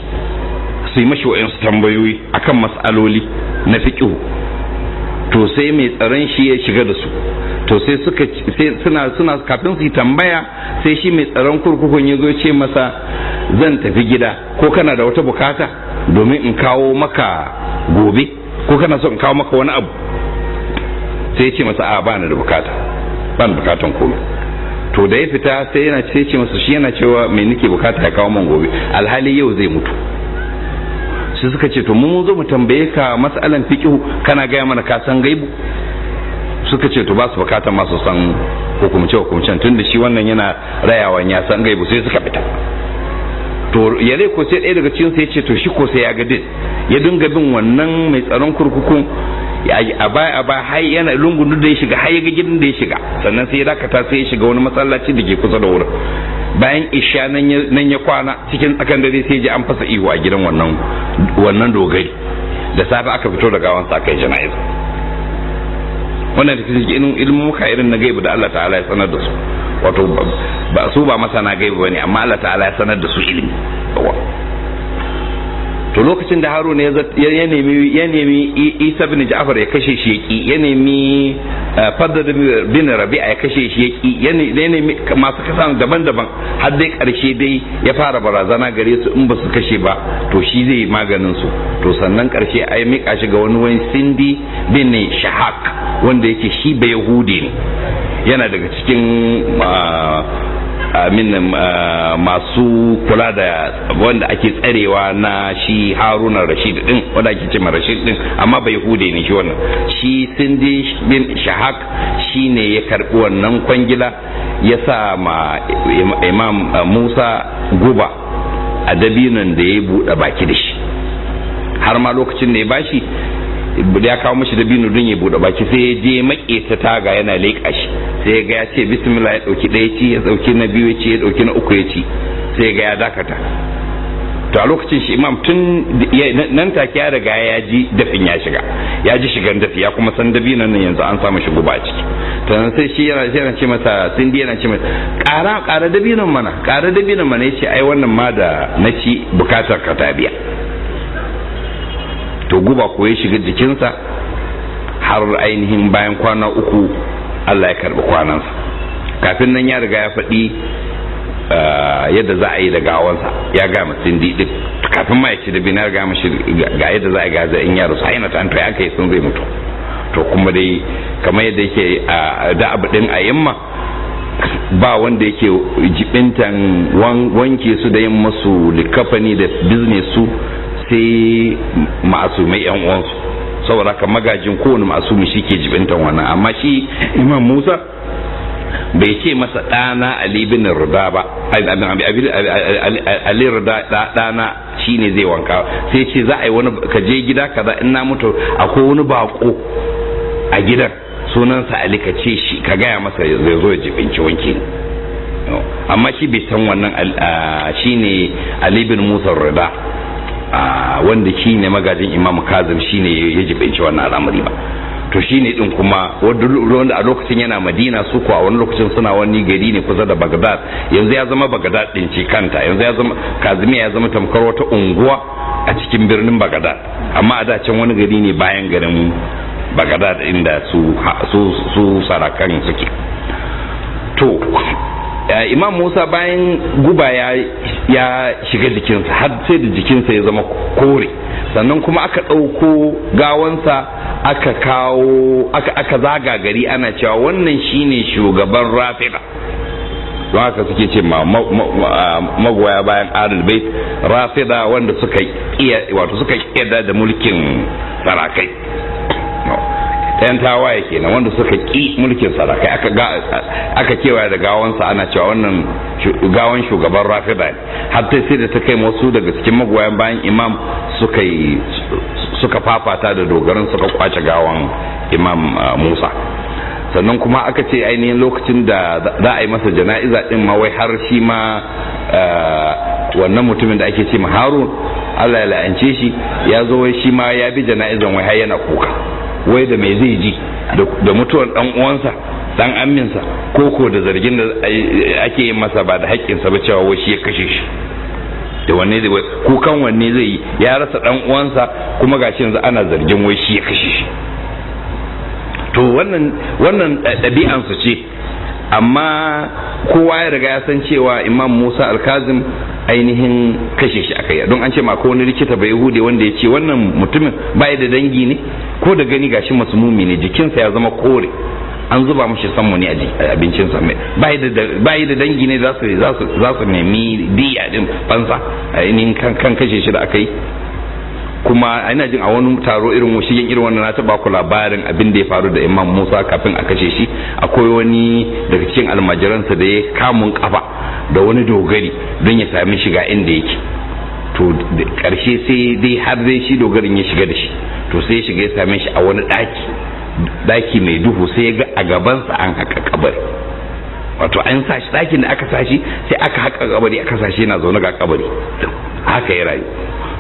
su yi mashi wa'yansu tambayoyi akan mas'aloli na fiƙihu to sai mai tsaron shi ya shiga da su to sai suka suna suna kafin su yi tambaya sai shi mai tsaron kurkukun ya zo ce masa zan tafi gida ko kana da wata bukata domin in kawo maka gobe ko kana so in kawo maka wani abu sai ya ce masa a ba da bukata ba ni bukatan komai to da ya fita sai yana ce masa shi yana cewa mai nake bukata ya kawo man gobe alhali yau zai mutu sai suka ce to mun zo mu tambaye ka mas'alan fiqhu kana gaya mana ka san gaibu suka ce to ba su bukatar masu san hukumce hukumcen tun da shi wannan yana rayawan ya san gaibu sai suka fita to yare ko sai ɗaya daga cikin sai ce to shi ko sai ya ga din ya dinga bin wannan mai tsaron kurkukun a baya a baya har yana lungun da ya shiga har ya ga gidan da ya shiga sannan sai ya dakata sai ya shiga wani masallaci da ke kusa da wurin bayan isha nan ya kwana cikin tsakan dare sai ji an fasa ihu a gidan wannan wannan dogari da safe aka fito da gawan sakai kai jana'iza wannan da cikin irin ilmuka irin na gaibu da Allah ta'ala ya sanar da su wato ba su ba masana gaibu bane amma Allah ta'ala ya sanar da su ilimi to lokacin da haruna ya nemi ya nemi isa bin ja'far ya kashe shi yaki ya nemi eh, fadda bin rabi'a ya kashe shi yaki ya nemi masu kasa daban-daban har dai karshe dai ya fara barazana gare su in ba su kashe ba to shi zai maganin su to sannan karshe ai mika shi ga wani wani sindi bin shahak wanda yake shi bai hude ne yana daga cikin ah, amin ah, ah, masu kula da wanda ake tsarewa na shi haruna rashid din wanda ake ma rashid din amma bai hude ne shi wannan shi sindi bin shahak shi ne ya karbi wannan kwangila ya sa ma imam ah, musa guba a dabinon da ya buɗe baki da shi har ma lokacin da ya bashi ya kawo mashi da dabino dun ya bude baki sai ya je maƙe ta taga yana leƙa shi sai ya ga ya ce bismillah ya dauki ɗaya ci ya dauki na biyu ya ci ya dauki na uku ya ci sai ya ga dakata to a lokacin shi imam tun nan take ya riga ya ji dafin ya shiga ya ji shigan dafi ya kuma san dabi nan yanzu an samu shigo ba ciki to nan sai shi yana yana ce masa sindi yana ce masa ƙara ƙara dabi nan mana ƙara dabi nan mana yace ai wannan ma da na ci bukatar ka ta biya to guba ko ya shiga jikinsa har ainihin bayan kwana uku Allah ya karbi kwanansa kafin nan ya riga ya faɗi ah, yadda za a yi da gawansa ya ga mutum diɗi kafin ma ya ci da binar ga mashi ga yadda za a gaza in yaro su ina ta ya kai sun zai mutu to kuma dai kamar yadda yake a ah, da abu din a yamma ba wanda yake jibintan wanke su da yin masu likafani da business su sai ma'asumai yan uwansu saboda haka magajin kowane ma'asumi shi ke jibintan wannan amma shi imam musa bai ce masa ɗana ali bin Ruda ba ali Ruda ɗana shine zai wanka sai ce za a yi wani ka je gida kaza in na mutu akwai wani bako a gidan sunansa ali ka ce shi ka gaya masa zai zo ya jibinci wanki amma shi bai san wannan shine ali bin musa Ruda. wanda shi ne magajin imam kazim shi ne ya jibinci wannan al'amari ba to shi ne din kuma wanda a lokacin yana madina su kuwa wani lokacin suna wani gari ne kusa da bagdad yanzu ya zama bagdad din ce kanta yanzu ya zama kazimi ya zama tamkar wata unguwa a cikin birnin bagdad amma a dacin wani gari ne bayan garin bagdad inda su su sarakan suke to imam musa bayan guba ya shiga jikinsa har sai da jikinsa ya zama kore sannan kuma aka ɗauko gawansa aka kawo aka zaga gari ana cewa wannan shine shugaban rafida don haka suke ce magoya bayan adal bait rafida wanda suka iya wato suka da mulkin sarakai yan tawaye kenan wanda suka ki mulkin sarakai aka ga kewaye da gawansa ana cewa wannan gawan shugaban rafida ne har sai da ta kai wasu daga cikin magoyan bayan imam suka suka fafata da dogarin suka kwace gawan imam uh, musa sannan kuma aka ce ainihin lokacin da za a yi masa jana'iza din ma wai har shi ma uh, wannan mutumin da ake ce ma harun allah ya la'ance shi ya zo wai shi ma ya bi jana'izan wai har yana kuka wai da me zai ji da mutuwar dan uwansa dan aminsa ko ko da zargin da ake yin masa ba da haƙƙinsa ba cewa wai shi ya kashe shi da wanne zai kukan wanne zai yi ya rasa dan uwansa kuma gashi yanzu ana zargin wai shi ya kashe shi to wannan wannan ɗabi'ansu ce amma kowa ya riga ya san cewa imam musa alkazim ainihin kashe shi aka yi don an ce ma wani likita bai hude wanda ya ce wannan mutumin bai da dangi ne ko da gani gashi masmumi ne jikinsa ya zama kore an zuba mashi sammu ne a abincinsa bai da dangi ne za su nemi diya din fansa ainihin kan kashe shi da aka kuma ina jin a wani taro irin shi yin irin wannan na taba ku labarin abin da ya faru da Imam Musa kafin a kashe shi akwai wani daga cikin almajiransa da ya kamun kafa da wani dogari don ya sami shiga inda yake to karshe sai dai har zai shi dogarin ya shiga da shi to sai ya shiga ya same shi a wani daki daki mai duhu sai ya ga a gabansa an haka kabari wato an sa shi dakin da aka sashi shi sai aka haka kabari aka sa yana zaune ga kabari haka ya rayu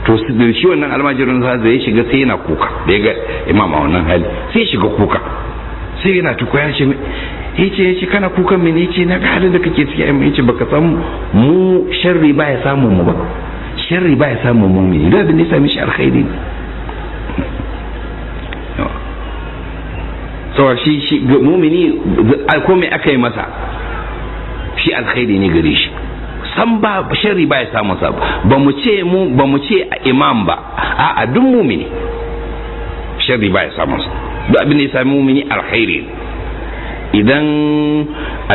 to shi wannan almajirin sa zai shiga sai yana kuka da ya ga imam a wannan hali sai shiga kuka sai yana tuka ya ce yace yace kana kukan mene yace na ga halin da kake ciki amma yace baka san mu sharri ba ya samu mu ba sharri ba ya samu mu ne da ne sami ya shi alkhairi sawa shi shi mumini ko me aka yi masa shi alkhairi ne gare shi san ba sharri ba ya samun sa ba mu ce mu ba mu ce imam ba a a duk mumini sharri ba ya samun sa duk abin da ya sami mumini alkhairi idan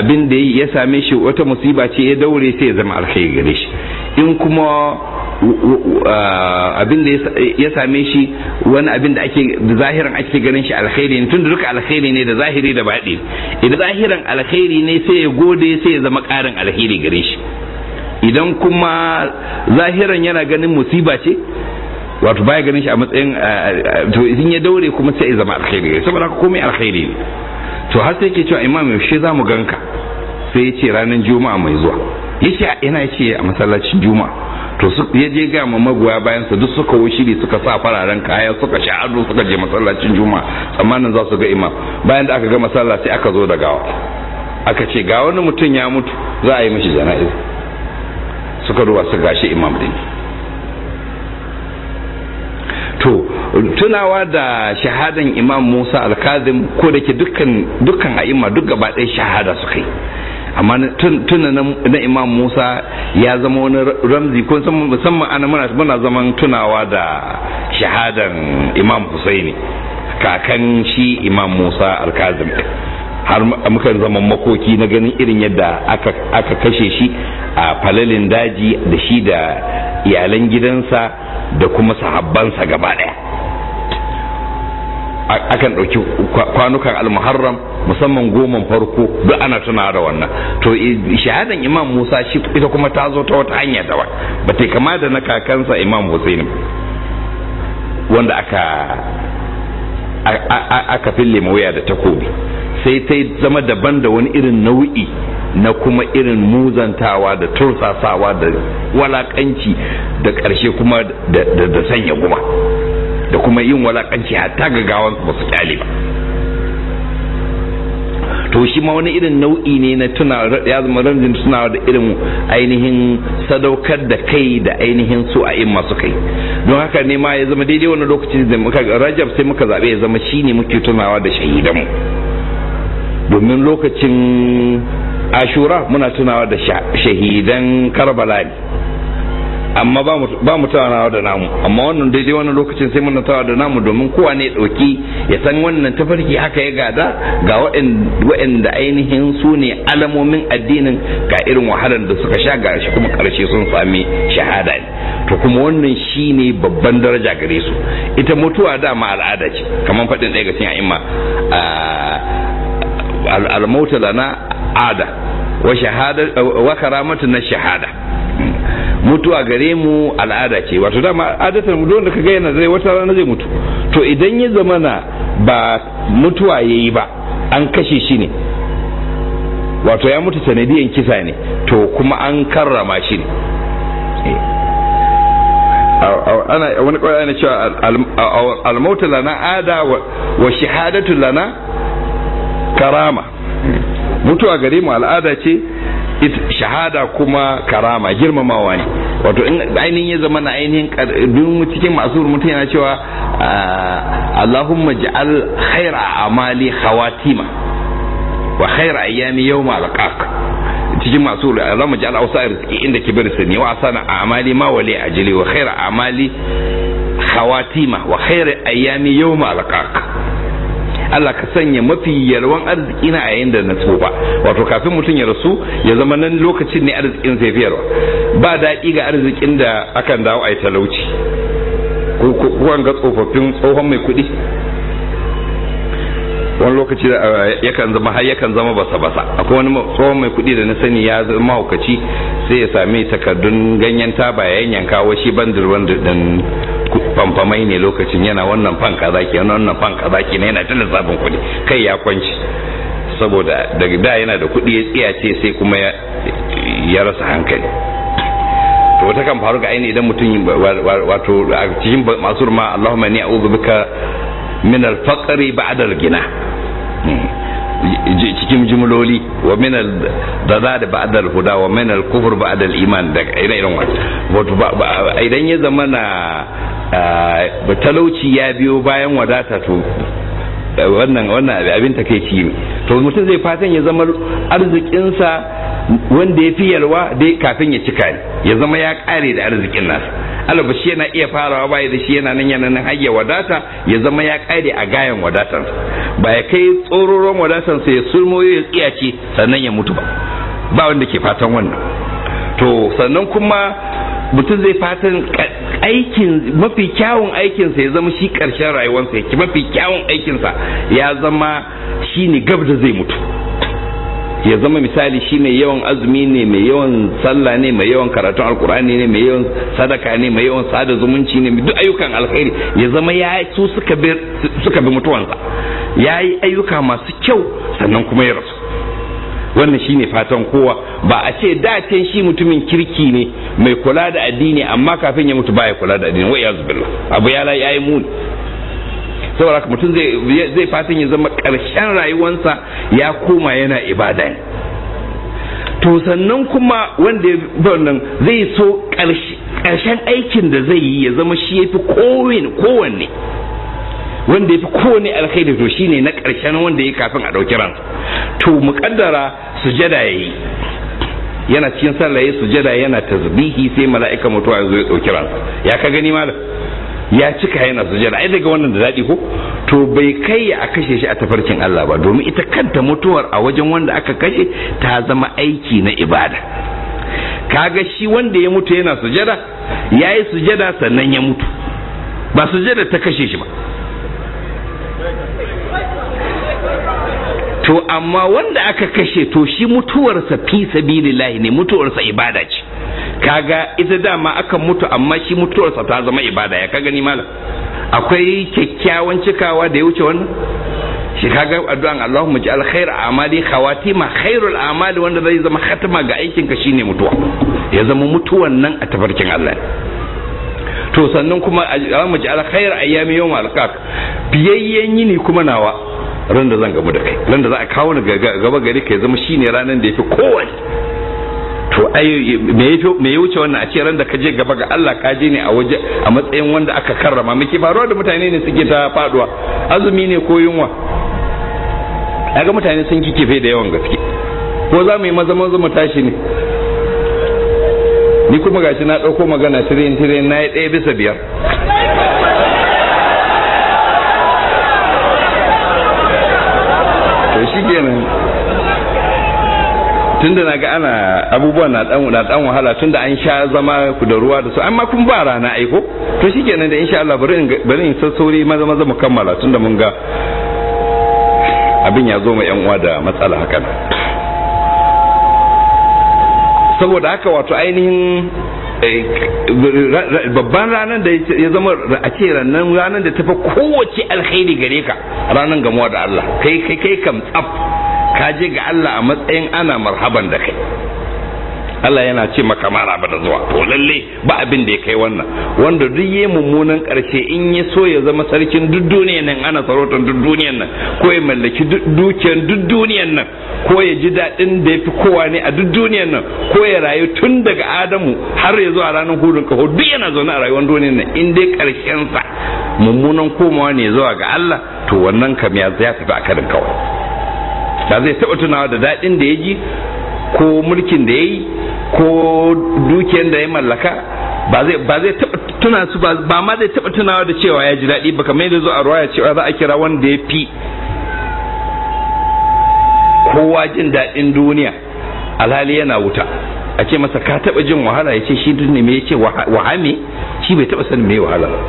abin da ya same shi wata musiba ce ya daure sai ya zama alkhairi gare shi in kuma abin da ya same shi wani abin da ake da zahiran ake ganin shi alkhairi ne tunda duka alkhairi ne da zahiri da baɗi idan zahiran alkhairi ne sai ya gode sai ya zama ƙarin alkhairi gare shi idan kuma zahiran yana ganin musiba ce wato baya ganin shi a matsayin to idan ya daure kuma sai ya zama alkhairi saboda haka komai alkhairi ne to har sai ke cewa imam yaushe za mu ganka sai ya ce ranar juma'a mai zuwa ya ce yana ce a masallacin juma'a to ya je ga ma magoya bayan su duk suka wushiri suka sa fararen kaya suka sha ado suka je masallacin juma'a tsammanin za su ga imam bayan da aka ga masallaci aka zo da gawa aka ce ga wani mutum ya mutu za a yi mishi jana'iza suka ruwa su gashi imam din to tunawa da shahadan imam musa al al-kazim ko da ke dukkan a'imma duk gaba ɗaya shahada suka yi amma na imam musa ya zama wani ramzi ko musamman ana muna zaman tunawa da shahadan imam husaini kakan shi imam musa al-Khadim alkazim har mukan zama makoki na ganin irin yadda aka kashe shi a falalin daji da shi da iyalan gidansa da kuma sahabbansa gaba daya akan ɗauki kwanukan almuharram musamman goman farko duk ana tuna da wannan to shahadan imam musa shi ita kuma ta zo ta wata hanya daban ba ta kama da na kakansa imam hussein wanda aka aka fille mawuya da takobi sai ta zama daban da wani irin nau'i na kuma irin muzantawa da tursasawa da walakanci da ƙarshe kuma da sanya guma da kuma yin walakanci hatta ga gawansu ba su ba to shi ma wani irin nau'i ne na tuna ya zama ranjin tunawa da irin ainihin sadaukar da kai da ainihin su a in masu kai don haka ne ma ya zama daidai wani lokacin da muka rajab sai muka zaɓe ya zama shi ne muke tunawa da shahidanmu domin lokacin ashura muna tunawa da shahidan karbala ne amma ba mu tunawa da namu amma wannan daidai wannan lokacin sai muna tunawa da namu domin kowa ne ɗauki ya san wannan tafarki haka ya gada ga waɗanda ainihin su ne alamomin addinin ga irin wahalar da suka sha ga shi kuma karshe sun sami shahada ne to kuma wannan shi ne babban daraja gare su ita mutuwa dama al'ada ce kamar faɗin ɗaya ga cikin a'imma al lana ada wa shahada wa karamatu na shahada mutuwa gare mu al'ada ce wato dama adatar mu da kaga yana zai wata rana zai mutu to idan ya zama na ba mutuwa yayi ba an kashe shi ne wato ya mutu sanadiyan kisa ne to kuma an karrama shi ne eh. ana wani kawai ana cewa almauta lana ada wa shahadatu lana karama mutuwa gare mu al'ada ce shahada kuma karama girmamawa ne wato in ainihin ya zama na ainihin duk cikin masu mutum yana cewa ah, Allahumma ja'al khaira amali khawatima wa khaira ayyami yawma alqaq cikin masu Allahumma ja'al arziki inda bari sani wa a amali ma wali ajli wa khaira amali khawatima wa khaira ayyami yawma alqaq Allah ka sanya mafi yalwan arziki na a yayin da na tsufa wato kafin mutum ya rasu ya zama nan lokacin ne arzikin zai fiyarwa ba daɗi ga arzikin da akan dawo a yi talauci ko ga tsofaffin tsohon mai kuɗi wani lokaci eh, yakan zama har yakan zama basa basa akwai wani tsohon mai kuɗi da na sani ya zama mahaukaci sai ya sami takardun ganyen taba ya yanka wa shi bandir bandir din famfamai ne lokacin yana wannan fan kaza ke wannan fan kaza ke yana ta lissafin kuɗi kai ya kwanci saboda daga da yana da kuɗi ya ce sai kuma ya rasa hankali to ta kan faru ga aini idan mutum wato a cikin masu ruma Allahumma ni a'udhu bika min al-faqri ba'da al [LAUGHS] cikin jimloli wa min al da ba'da al huda wa min al kufr ba'da al iman da ire iren wato idan ya zama na talauci ya biyo bayan wadata to wannan wannan abin kai ci to mutum zai fatan ya zama arzikinsa wanda ya fi yalwa dai kafin ya cika ya zama ya kare da arzikin nasa albashi yana iya farawa baya da shi yana nan yana nan har ya wadata ya zama ya kare a gayan wadatansa ba ya kai tsororon wadatansa ya sulmo ya ce sannan ya mutu ba ba wanda ke fatan wannan to sannan kuma mutum zai fatan aikin mafi kyawun aikinsa ya zama shi ƙarshen rayuwarsa ki mafi kyawun aikinsa ya zama shi ne gab da zai mutu ya zama misali shi mai yawan azumi ne mai yawan sallah ne mai yawan karatun alkur'ani ne mai yawan sadaka ne mai yawan sada zumunci ne duk ayyukan alkhairi ya zama ya su suka bi suka bi mutuwansa ya yi ayyuka masu kyau sannan kuma ya rasu wannan shine fatan kowa ba a ce da shi mutumin kirki ne mai kula da addini amma kafin ya mutu baya kula da addini wa iyaz billah abu ya la yayi muni saboda haka mutum zai fatan ya zama ƙarshen rayuwarsa ya koma yana ibada to sannan kuma wanda ya wannan zai so ƙarshen aikin da zai yi ya zama shi ya fi kowanne wanda ya fi kowane alkhairi to shine na ƙarshen wanda ya kafin a ɗauki ran to muƙaddara sujada ya yi yana cikin sallah ya sujada yana tasbihi sai mala'ika mutuwa ya zo ɗauki ran ya ka gani malam ya cika yana sujada ai daga wannan da daɗi ko to bai kai a kashe shi a tafarkin Allah ba domin ita kanta mutuwar a wajen wanda aka kashe ta zama aiki na ibada kaga shi wanda ya mutu yana sujada ya yi sujada sannan ya mutu ba sujada ta kashe shi ba to amma wanda aka kashe to shi mutuwarsa fi sabilillahi ne mutuwarsa ibada ce kaga ita dama akan mutu amma shi mutuwarsa ta zama ibada ya kaga ni malam akwai kyakkyawan cikawa da ya wuce wannan shi kaga addu'an Allahumma ji alkhair amali khawatima khairul amali wanda zai zama khatima ga aikin ka shine mutuwa ya zama mutuwan nan a tabarkin Allah to sannan kuma Allahumma ji alkhair ayyami yawm alqaq biyayyen yini kuma nawa ran da zan gamu da kai ran da za a kawo ni gaba gari kai zama shine ranan da yafi kowa to ai me ya wuce wannan a ce ran da ka je gaba ga Allah ka je ne a waje a matsayin wanda aka karrama muke faruwa da mutane ne suke ta faduwa azumi ne ko yunwa kaga mutane sun kikife da yawan gaske ko za mu yi maza maza mu tashi ne ni kuma gashi na ɗauko magana tire-tire na yi ɗaya bisa biyar to shi kenan tunda na ga ana abubuwan na dan na dan wahala tunda an sha zama ku da ruwa da su amma kun ba rana ai ko to shikenan da insha Allah bari in bari in sassauri maza maza mu kammala tunda mun ga abin ya zo ma yan uwa da matsala haka saboda haka wato ainihin eh, babban ranar da ya zama a ce ranar da tafi kowace alkhairi gare ka ranar gamuwa da Allah kai kai kai kam tsaf ka je ga Allah a matsayin ana marhaban da kai Allah yana ce maka maraba da zuwa to lalle ba abin da ya kai wannan wanda duk yayi mummunan karshe in ya so ya zama sarkin duk duniyan nan ana sarautar duk duniyan nan ko ya mallaki dukiyar duk duniyan nan ko ya ji daɗin da ya fi kowa ne a duk duniyan nan ko ya rayu tun daga Adamu har ya zuwa ranar hudun kaho duk yana zaune a rayuwar duniyan nan in dai karshensa sa mummunan komawa ne zuwa ga Allah to wannan kam ya tafi a karin kawai ba zai taɓa tunawa da daɗin da ya ji ko mulkin da ya yi ko dukiyar da ya mallaka ba zai ba zai taɓa tuna su ba ma zai taɓa tunawa da cewa ya ji daɗi ba kamar yadda zo a ya cewa za a kira wanda ya fi kowa jin daɗin duniya alhali yana wuta a ce masa ka taɓa jin wahala ya ce shi ne me ya ce wahame shi bai taɓa sanin me wahala ba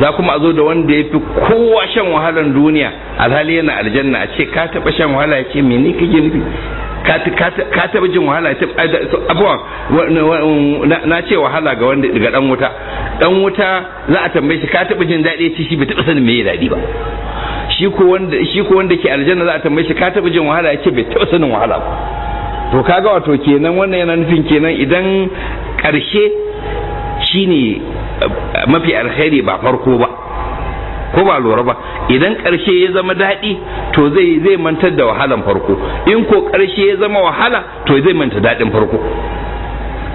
za kuma a zo da wanda ya fi kowa shan wahalar duniya alhali yana aljanna a ce ka taɓa shan wahala ya ce mene kake nufi ka taɓa jin wahala ta abuwa um, na ce wahala ga wanda daga dan wuta dan wuta za a tambaye shi ka taɓa jin daɗi ci shi bai taɓa sanin me ya daɗi ba shi ko wanda shi ko wanda ke aljanna za a tambaye shi ka taɓa jin wahala ya ce bai taɓa sanin wahala ba to kaga wato kenan wannan yana nufin kenan idan ƙarshe shine mafi alkhairi ba farko ba ko ba lura ba idan ƙarshe ya zama daɗi to zai zai mantar da wahalan farko in ko karshe ya zama wahala to zai manta daɗin farko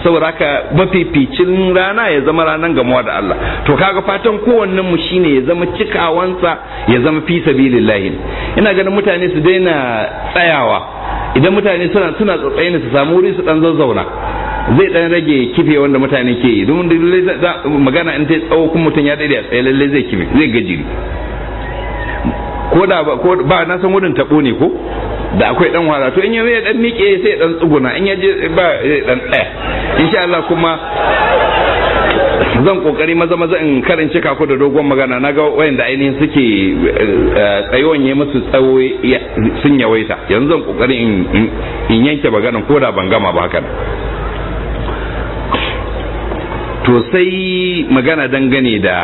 saboda haka mafificin rana ya zama ranar gamuwa da Allah to kaga fatan kowannen mu shine ya zama cikawansa ya zama fi sabilillahi ina ganin mutane su daina tsayawa idan mutane suna suna tsotsaye su samu wuri su dan zazzauna zai dan rage kife wanda mutane ke yi domin magana in ta tsawo kuma mutum ya daidai a tsaye lallai zai kife zai gajiri ko da ba na san wurin tabo ne ko da akwai dan wara to in ya zai dan miƙe sai dan tsuguna in ya je ba dan tsaya insha Allah kuma zan kokari maza maza in karin cika ku da dogon magana na ga wayanda ainihin suke eh, eh, tsayon ya musu tsawo sun yawaita yanzu zan kokari in yanke magana ko da ban gama ba haka to sai magana dangane da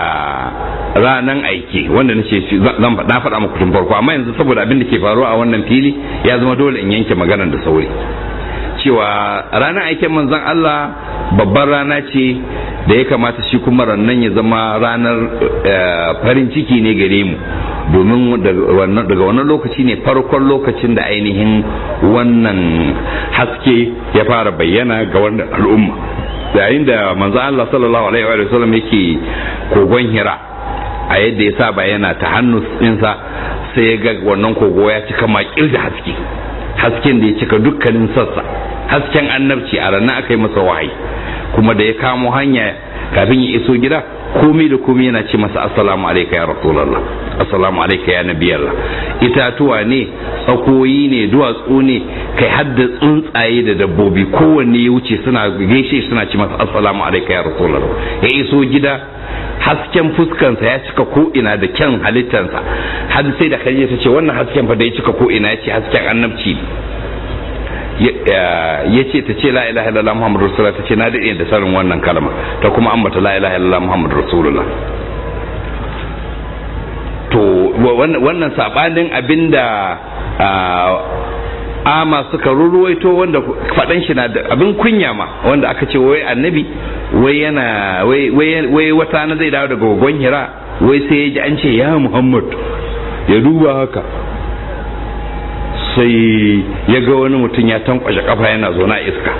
ranan aiki wanda nace zan na faɗa muku tun farko amma yanzu saboda abin da ke faruwa a wannan fili ya zama dole in yanke maganar da sauri cewa ranar aikin manzon Allah babbar rana ce da ya kamata shi kuma rannan ya zama ranar eh, farin ciki ne gare mu domin daga wannan lokaci ne farkon lokacin da ainihin wannan haske ya fara bayyana ga wannan al'umma yayin da manzan Allah sallallahu alaihi wa sallam yake kogon hira a yadda ya saba yana ta hannu ɗinsa sai ya ga wannan kogo ya cika makil da haske hasken da ya cika dukkanin sassa hasken annabci a ranar aka yi masa wahayi kuma da ya kamo hanya kafin ya iso gida komai da komi yana ce masa assalamu alaika ya rasulallah assalamu alaika ya nabiyallah itatuwa ne tsakoyi ne duwatsu ne kai da tsuntsaye da dabbobi kowanne ya wuce suna gaishe suna ce masa assalamu alaika ya rasulallah ya iso gida hasken fuskansa ya cika ko ina da kyan halittansa har sai da kariya ta ce wannan hasken fa da ya cika ko ina ya ce hasken annabci Eh, ya ce ta ce la ilaha illallah muhammadu rasulullah ta ce na daɗe da sarin wannan kalma ta kuma ambata la ilaha illallah muhammadu rasulullah to wannan sabanin abinda ah, ama suka ruruwaito wanda faɗan shi na da abin kunya ma wanda aka ce wai annabi wai yana wai wata na zai dawo daga gogon hira wai sai ya ji an ce ya muhammad ya duba haka sai ya ga wani mutum ya tankwashe kafa yana zaune a iska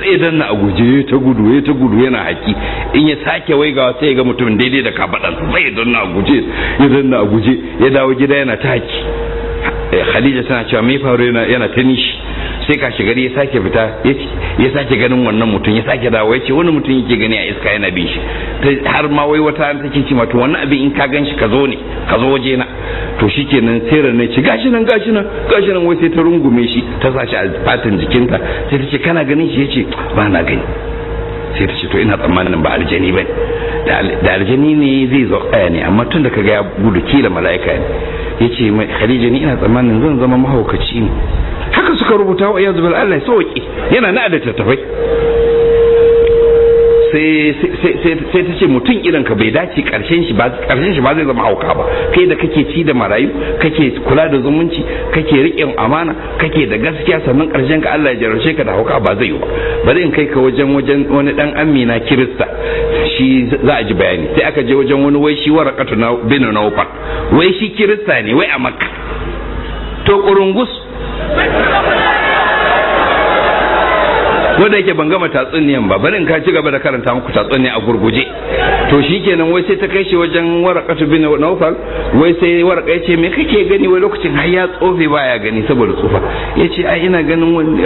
sai dan na aguje ta gudu ya ta gudu yana haki in ya sake waigawa sai ya ga mutum daidai da faɗa sai dan na aguje ya dan na aguje ya dawo gida yana ta haki eh, Khadija tana cewa me faru yana yana ta nishi sai ka shi gari ya sake fita ya sake ganin wannan mutum ya sake dawo ya ce wani mutum yake gani a iska yana bin shi har ma wai wata an take ce mata wannan abin in ka gan shi ka zo ne ka zo waje na to shi shikenan sai ranar ci gashi nan gashi nan gashi nan wai sai ta rungume shi ta sa shi a fatan jikinta sai ta ce kana ganin shi ya ce ba na gani sai ta ce to ina tsammanin ba aljani ba da aljani ne zai zo kaya eh, ne amma tun da ka ga ya gudu kila mala'ika ne ce mai Khadija ni ina tsammanin zan zama mahaukaci ne haka suka rubuta wa iyazu bil Allah sauki yana na da tattafai sai ta ce mutum irin ka bai dace karshen shi ba zai zama hauka ba kai da kake ci da marayu kake kula da zumunci kake riƙin amana kake da gaskiya sannan karshen ka Allah ya jarrace ka da hauka ba zai yi ba bari in kai ka wajen wajen wani dan amina kirista shi za a ji bayani sai aka je wajen wani wai shi warakatu na bin naufal wai shi kirista ne wai a makka to kurungus ko da yake ban gama tatsuniyan ba bari in ka ci gaba da karanta muku tatsuniya a gurguje to shikenan wai sai ta kai shi wajen warakatu bin nawfal wai sai waraka yace me kake gani wai lokacin har ya tsofe baya gani saboda tsufa yace ai ina ganin wani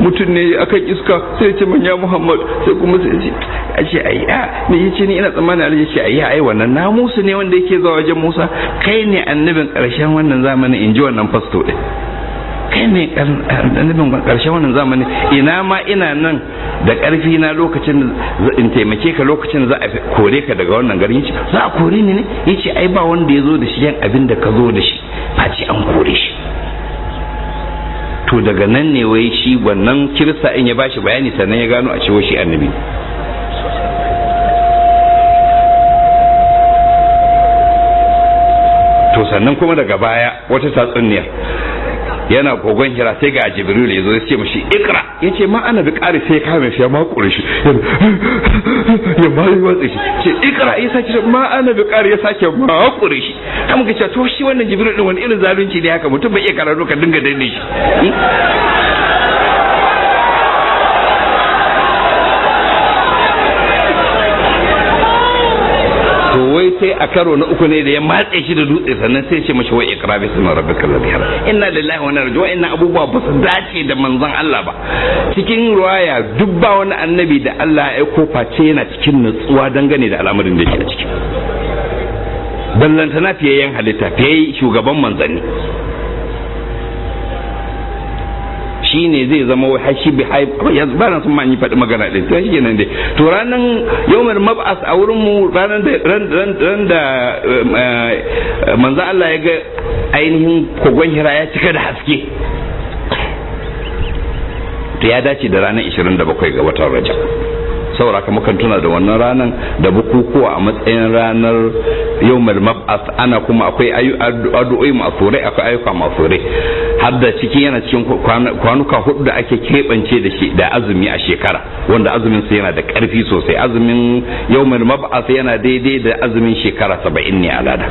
mutum ne akan iska sai ya ce man ya muhammad sai kuma sai ya ce ai a ne yace ni ina tsammanin Allah shi ai ai wannan namusu ne wanda yake zuwa wajen Musa kai ne annabin karshen wannan zamanin in ji wannan fasto din kai ne annabin karshen wannan zamani ina ma ina nan da karfi na lokacin in taimake ka lokacin za a kore ka daga wannan garin yace za a kore ni ne yace ai ba wanda ya zo da shi yan abin da ka zo da shi face an kore shi to daga nan ne wai shi wannan kirista in ya bashi bayani sannan ya gano a cewa shi annabi to sannan kuma daga baya wata tatsuniyar yana kogon hira sai ga jibril ya zo ya ce mishi ikra ya ce ma ana bi ƙari sai kame shi ya makure shi ya ma yi watsa shi ce ikra ya sake ma ana bi ƙari ya sake makure shi ta muka ce to shi wannan jibril din wani irin zalunci ne haka mutum bai iya karatu ka dinga danne shi hmm? to wai sai a karo na uku ne da ya matse shi da dutse sannan sai ce mashi wai ikra bi sunan rabbika alladhi khalaq inna lillahi wa inna ilaihi raji'un abubuwa ba su dace da manzon Allah ba cikin ruwaya duk ba wani annabi da Allah ya aiko face yana cikin nutsuwa dangane da al'amarin da yake ciki ballantana fiyayyen halitta fiyayi shugaban manzanni shine zai zama wai hashi bi haib ya bara sun ma ni faɗi magana din to shi nan dai to ranan yawmar mab'as a wurin mu ranan da da eh, manzo Allah ya ga ainihin kogon hira ya cika da haske to ya dace da ranar 27 ga watan Rajab saboda haka mukan tuna da wannan ranar da bukukuwa a matsayin ranar yawmar mab'as ana kuma akwai addu'o'i masurai akwai ayyuka masurai har da ciki yana cikin kwanuka hudu da ake keɓance da shi da azumi a shekara wanda azumin sa yana da ƙarfi sosai azumin yau mai mab'as yana daidai da azumin shekara saba'in ne alada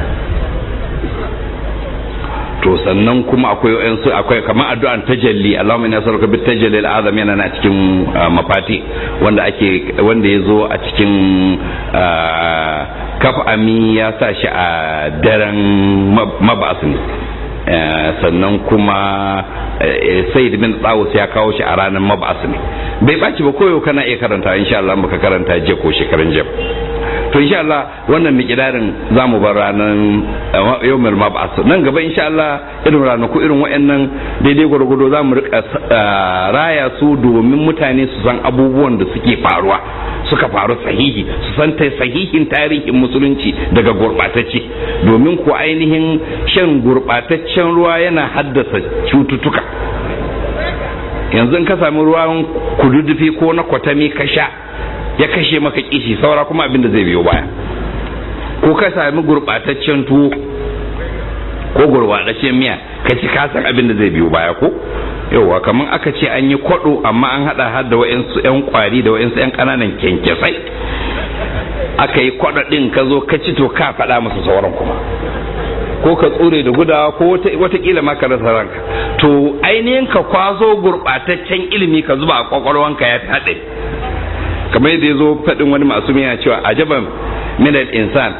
to sannan kuma akwai yansu akwai kamar addu'an tajalli Allahumma inna nas'aluka bit tajalli al-azam yana na cikin ah, mafati wanda ake wanda yazo a cikin ah, kaf ami ya sa shi a daren maba ne Eh, sannan kuma eh, sayyid Min tsawus ya kawo shi a ranar mab'as ne bai ɓaci ba koyo kana iya karanta insha Allah baka karanta jiya ko shekaran jiya to insha Allah wannan mikidarin za mu bar ranar eh, mai mab'as nan gaba insha Allah irin ranaku irin wayannan daidai gwargwado za mu rika eh, raya su domin mutane su san abubuwan da suke faruwa suka faru sahihi su san ta sahihin tarihin musulunci daga gurbatacce domin ku ainihin shan gurbataccen ruwa yana haddasa cututtuka yanzu in ka sami ruwan kududdufi ko na kwatami ka sha ya kashe maka kishi saura kuma abin da zai biyo baya ko ka sami gurbataccen tuwo ko gurbataccen miya ka ci ka san abin zai biyo baya ko yauwa kamar aka ce an yi kwado amma an hada har da wa'yansu 'yan kwari da wa'yansu 'yan kananan kyankyasai aka yi kwado din ka zo ka ci to ka faɗa musu sauran kuma ko ka tsure da gudawa ko watakila ma ka rasa ranka to ainihin ka kwazo gurbataccen ilimi ka zuba a kwakwalwanka ya fi haɗe kamar yadda ya zo faɗin wani masu yana cewa ajaban minal insan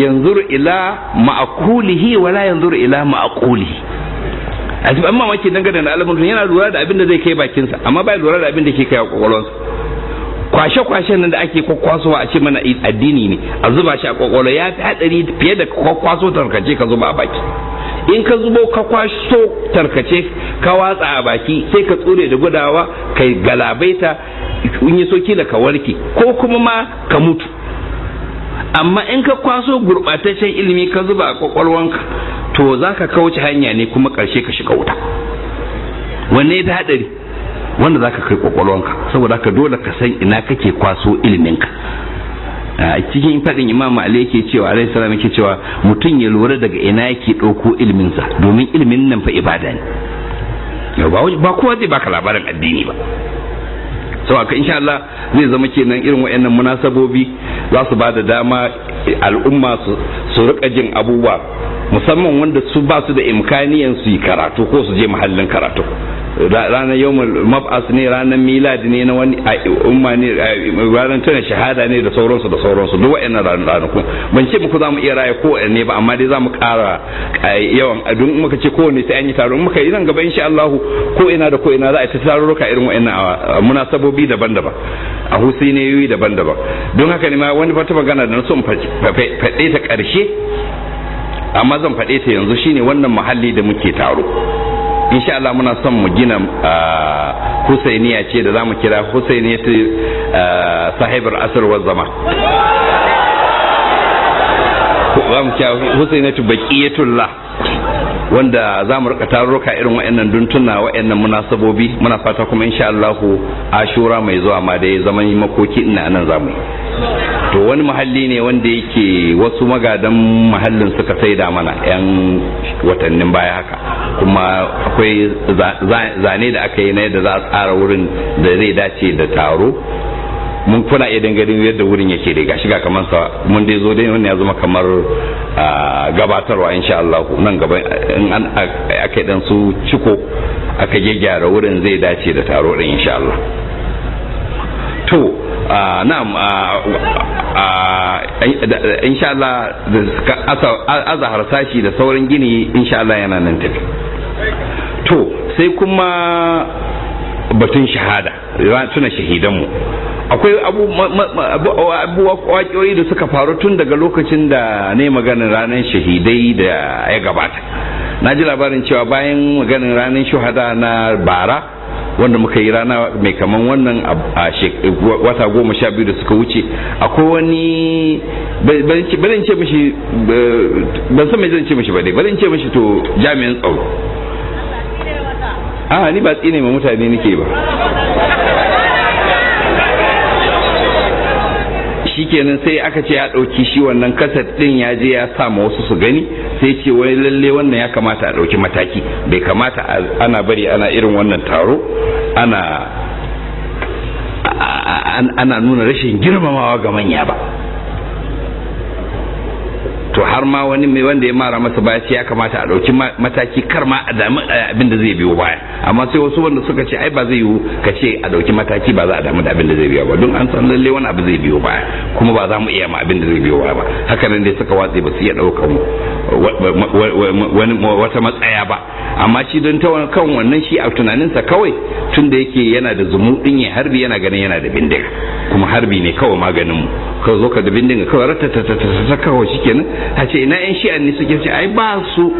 yanzur ila ma'akulihi wala yanzur ila ma'akulihi ajib amma maki dangane da al'amuran yana lura da abin da zai kai bakinsa amma bai lura da abin da ke kai kwakwalwarsa kwashe-kwashen nan da ake kwakwasowa a ce mana addini ne a zuba shi a kwakwalwa ya fi hadari fiye da kwakwaso tarkace ka zuba a baki in ka zubo ka kwaso tarkace ka watsa a baki sai ka tsure da gudawa ka galabaita in yi soki da ka warke ko kuma ma ka mutu amma in ka kwaso gurɓataccen ilimi ka zuba a kwakwalwanka to za ka kauce hanya ne kuma ƙarshe ka shiga wuta wanne ta haɗari wanda za ka kai kwakwalwanka saboda ka dole ka san ina kake kwaso iliminka A cikin faɗin imam ali yake cewa alaihi salam yake cewa mutum ya lura daga ina yake ɗauko ilminsa domin ilmin nan fa ibada ne ba kowa zai baka labarin addini ba sau aka insha Allah zai zama kenan irin wayannan munasabobi za su ba da dama al'umma su rika jin abubuwa musamman wanda su ba su da imkaniyan su yi karatu ko su je mahallin karatu ranar yau mab'as ne ranar miladi ne na wani umma ne ranar tuna shahada ne da sauransu da sauransu duk ranar ranaku ban ce muku za mu iya raya ne ba amma dai za mu ƙara yawan don muka ce kowane sai an yi taro muka yi nan gaba insha Allah ko ina da ko ina za a ta tarurruka irin wa'annan munasabobi daban-daban a yi daban-daban don haka ne ma wani fata magana da na so faɗe ta ƙarshe amma zan faɗe ta yanzu shine wannan muhalli da muke taro insha Allah muna son mu gina ah, husainiya ce da zamu kira husainiya ta ah, sahibar asr wa zama zamu kira ya baqiyatullah wanda za mu rika tarurruka irin wa'annan duntuna wa'annan munasabobi muna fata kuma insha Allah ashura mai zuwa ma da dai zama makoki ina nan zamu yi to wani mahalli ne wanda yake wasu magadan mahallin suka saida mana yan watannin baya haka kuma akwai zane da aka yi na yadda za a tsara wurin da zai dace da taro mun kuna iya dangane yadda wurin yake dai gashi ga kamar sa mun dai zo dai wannan ya zama kamar gabatarwa insha Allah nan gaba in an aka dan su ciko aka gyara wurin zai dace da taro din insha Allah to Ah, na'am ah, ah, insha harsashi da sauran gini insha Allah yana nan tafi to sai kuma batun shahada tuna shahidanmu akwai abubuwa da suka faru tun daga lokacin da ne maganin ranar shahidai da ya gabata na ji labarin cewa bayan maganin ranar shahada na bara wanda muka yi rana mai kaman wannan a wata goma sha biyu da suka wuce akwai wani ban ce mashi ban san mai zan ce mashi ba dai ban ce mashi to jami'in tsaro a ah, ni ba tsine ma mutane nake ba shikenan sai aka ce a ɗauki shi wannan kasar ɗin ya je ya sa ma wasu su gani sai ce wai lalle wannan ya kamata a ɗauki mataki bai kamata ana bari ana irin wannan taro ana ana nuna rashin girmamawa ga manya ba to har ma wani mai wanda ya mara masa baya sai ya kamata a ɗauki mataki kar ma a damu eh, abin da zai biyo baya amma sai wasu wanda suka ce ai ba zai yiwu ka ce a ɗauki mataki ba za a damu da abin da zai biyo ba don an san lalle wani abu zai biyo baya kuma ba za mu iya ma abin da zai biyo baya ba haka nan dai suka watse ba su iya ɗaukan mu wata matsaya ba amma shi don ta kan wannan shi a tunaninsa kawai tun da yake yana da zumuɗin ya harbi yana ganin yana da bindiga kuma harbi ne kawai maganin mu ka zo ka da bindiga kawai ratatatatata kawai shi kenan a ce ina yan shi'an ne suke ce ai ba su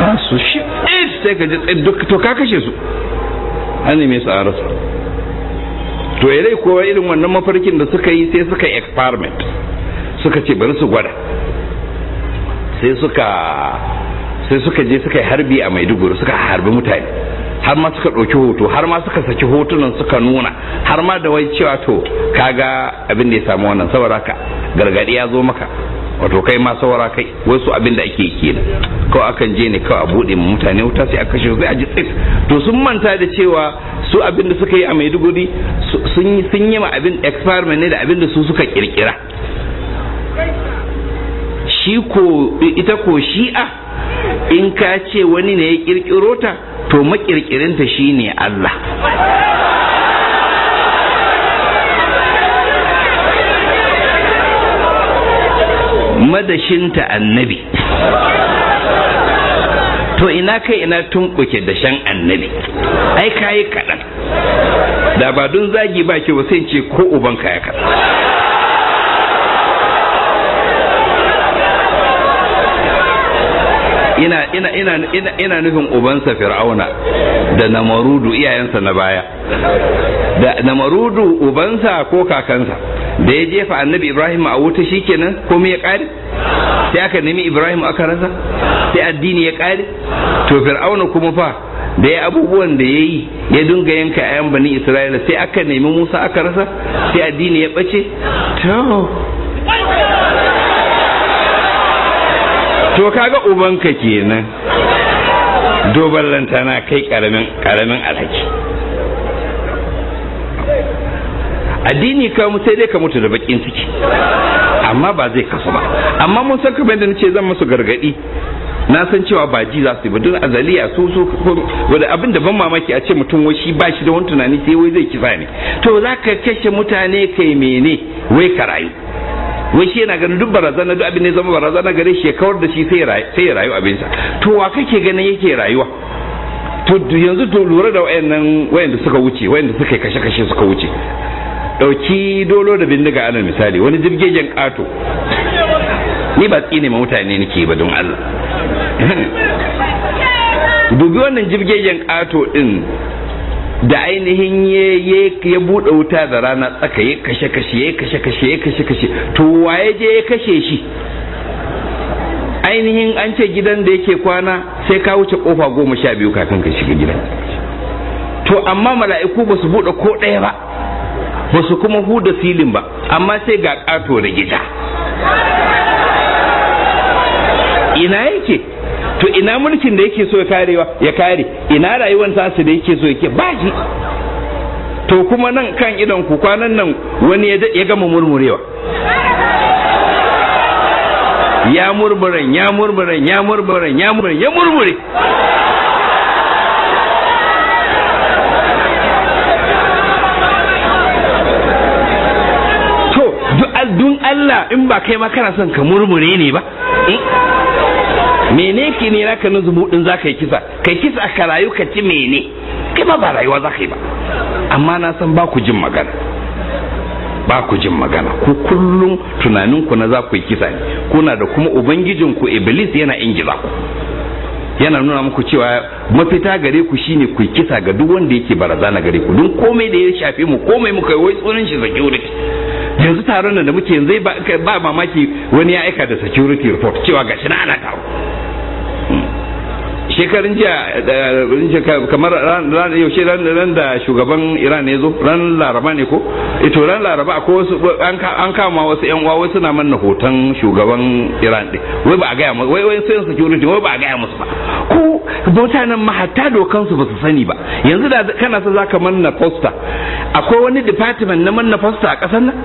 ba su shi eh, sai ka ji duk to ka kashe su an neme su a rasa to kowa irin wannan mafarkin da suka yi sai suka experiment suka ce bari su gwada sai suka sai suka je suka yi harbi a maiduguri suka harbi mutane har ma suka ɗauki hoto har ma suka saki hotunan suka nuna har ma da wai cewa to kaga abin da ya samu wannan saboda ka gargaɗi ya zo maka wato kai ma saboda kai su abin da ake ne kawai akan je ne kawai a buɗe ma mutane wuta sai a kashe sai a ji tsit to sun manta da cewa su abin da suka yi a maiduguri sun yi ma abin experiment ne da abin da su suka kirkira shi ko ita ko shi'a in ka ce wani ne ya kirkiro ta to makirkirinta shine Allah madashinta annabi to ina kai ina tunkuke dashen annabi ai kayi kaɗan da ba don zagi ba ke sai ce ko ubanka ya kaɗan ina ina ina ina ina nufin ubansa fir'auna da namarudu iyayensa na baya da namarudu ubansa ko kakansa da ya jefa annabi ibrahim a wuta shikenan komai ya kare sai aka nemi ibrahim aka rasa sai addini ya kare to fir'auna kuma fa da ya abubuwan da ya yi ya dinga yanka ayan bani isra'ila sai aka nemi musa aka rasa sai addini ya bace to to kaga ubanka kenan doban lantana kai karamin karamin alhaki addini ka sai dai ka mutu da bakin ciki amma ba zai kasu ba amma mun san kamar da nace zan musu gargadi na san cewa ba ji za su yi ba don azaliya su su abin da ban mamaki a ce mutum wai shi ba shi da wani tunani sai wai zai kisa ne to za ka kashe mutane kai mene wai ka rayu wai shi yana ganin duk barazana duk abin da ya zama barazana gare shi ya kawar da shi sai ya rayu abinsa to wa kake ganin yake rayuwa to yanzu to lura da wayannan wayanda suka wuce wayanda suka kashe kashe suka wuce dauki dolo da bindiga ana misali wani jirgejen kato ni ba tsine ma mutane nake ba don Allah [LAUGHS] dubi wannan jirgejen kato din da ainihin ya buɗe wuta da rana tsaka ya kashe kashe ya kashe kashe ya kashe kashe to waye je ya kashe shi ainihin an ce gidan da yake kwana sai ka wuce kofa goma sha biyu kafin ka shiga gidan to amma mala'iku ba su buɗe ko ɗaya ba ba su kuma huda filin ba amma sai ga ƙato da gida ina yake to ina mulkin da yake so ya karewa ya kare ina rayuwar tasu da yake so yake ba shi to kuma nan kan idan ku kwanan nan wani ya gama murmurewa ya murmuran ya murmuran ya murmuran ya murmuran ya murmure to duk Allah in ba kai ma kana son ka murmure ne ba hmm? mene ke ne naka na din za ka yi kisa kai kisa ka rayu ka ci mene kai ba ba rayuwa za ka yi ba amma na san ba ku jin magana ba ku jin magana ku kullum tunaninku na za ku yi kisa ne kuna da kuma ubangijin ku iblis yana ingila ku yana nuna muku cewa mafita gare ku shine ku kisa ga duk wanda yake barazana gare ku don komai da ya shafe mu komai muka wai tsoron shi security yanzu taron nan da muke yanzu ba mamaki wani ya aika da security report cewa gashi na ana taro shekarun jiya kamar ran yaushe ran da shugaban iran ne zo ran laraba ne ko ito ran laraba ko wasu an kama wasu yan uwa wasu na manna hoton shugaban iran din wai ba a gaya musu wai wai sayan security wai ba a gaya musu ba ko mutanen mahatta dokan su ba su sani ba yanzu da kana sa zaka manna poster akwai wani department na manna poster a kasar nan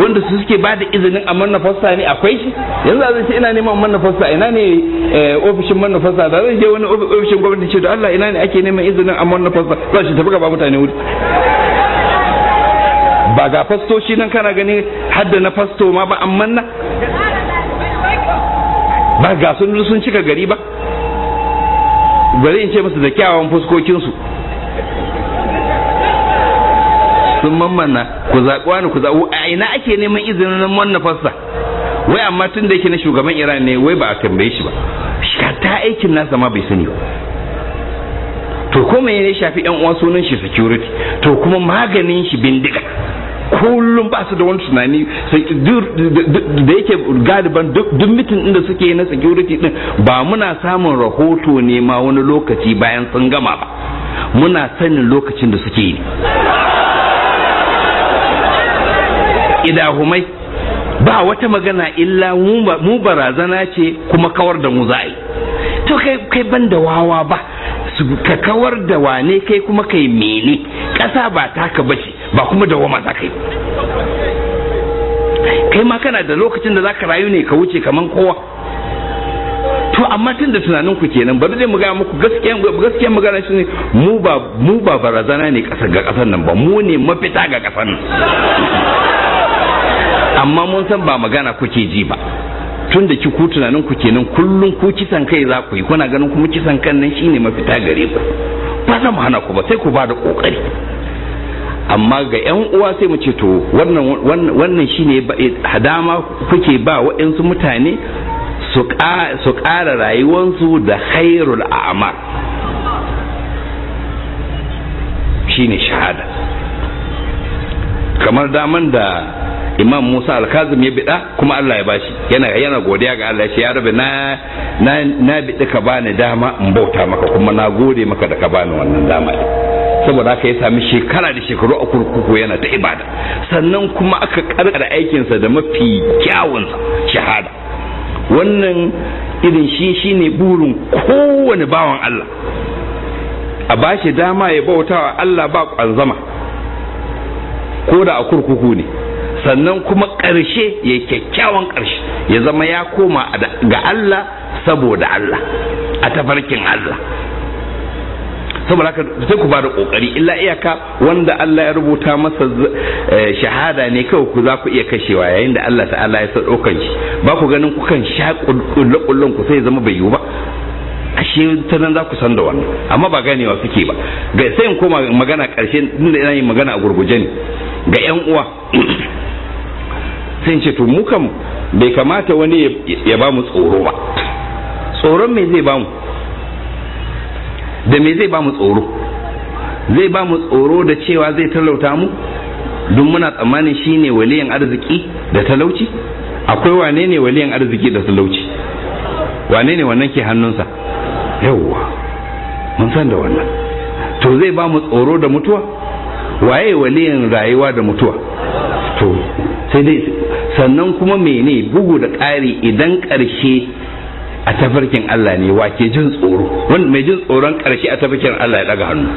wanda su suke ba da izinin a manna poster ne akwai shi yanzu a zai ce ina neman manna poster ina ne eh, ofishin manna poster da zai zai je wani ofishin gwamnati ce da Allah ina ne ake neman izinin amma wannan fasta za shi tafi gaba mutane wuri ba ga fastoci nan kana gani hadda na fasto ma ba amma na ba ga sun sun cika gari ba bari in ce musu da kyawawan fuskokinsu sun mammana ku zaɓi wani ku zaɓi a ina ake neman izinin wannan fasta wai amma tun da yake na shugaban iran ne wai ba a tambaye shi ba ta aikin nasa ma bai sani ba to ko ya shafi yan uwa sunan shi security to kuma maganin shi bindiga kullum ba su da wani tunani da yake galiban duk mitin inda suke na security din ba muna samun rahoto ne ma wani lokaci bayan sun gama ba muna sanin lokacin da suke yi humai ba wata magana illa mu barazana ce kuma kawar da mu za to kai ban da wawa ba su ka kawar da wane kai kuma kai mene ƙasa ba taka bace ba kuma da wama za ka kai ma kana da lokacin da za ka rayu ne ka wuce kaman kowa to amma tun da tunanin ku kenan ba zai mu gaya muku gaskiyan magana shi ne mu ba mu ba barazana ne kasar ga kasar nan ba mu ne mafita ga kasar nan amma mun san ba magana kuke ji ba tun da ki ku tunanin ku kenan kullum ku kisan kai za ku yi kuna ganin kuma kisan kan nan shine mafita gare ku ba za hana ku ba sai ku ba da kokari amma ga yan uwa sai mu ce to wannan wannan shine eh, hadama kuke ba waɗansu mutane su ƙara rayuwansu da khairul a'ma shine shahada kamar daman da imam musa alkazim ya bida kuma allah ya bashi yana yana godiya ga allah shi ya rabe na na na ka bani dama in bauta maka kuma na gode maka da ka bani wannan dama saboda haka ya sami shekara da shekaru a kurkuku yana ta ibada sannan kuma aka karkara aikinsa da mafi kyawunsa shahada wannan irin shi shine burin kowane bawan allah a bashi dama ya bautawa, allah ba kwanzama ko da a kurkuku ne sannan kuma ƙarshe ya kyakkyawan ƙarshe ya zama ya koma ga Allah saboda Allah a tafarkin Allah saboda haka sai ku ba da kokari illa iyaka wanda Allah ya rubuta masa eh, shahada ne kawai ku za ku iya kashewa yayin da Allah ta'ala ya ɗaukan shi ba ku ganin kukan sha kullun ku sai zama bai yiwu ba ashe ta nan za ku san da wannan amma ba ganewa suke ba ga sai in koma magana karshe tunda ina yin magana a gurguje ne ga yan uwa sai ce to mu bai kamata wani ya ba mu tsoro ba tsoron me zai ba mu da me zai ba mu tsoro zai ba mu tsoro da cewa zai talauta mu don muna tsammanin shi ne waliyan arziki da talauci akwai wane ne waliyan arziki da talauci wane ne wannan ke hannunsa yawwa mun san da wannan to zai ba mu tsoro da mutuwa waye waliyin rayuwa da mutuwa to sai dai sannan kuma mene bugu da ƙari idan ƙarshe a tafarkin Allah ne wake jin tsoro wanda mai jin tsoron ƙarshe a tafarkin Allah ya daga hannu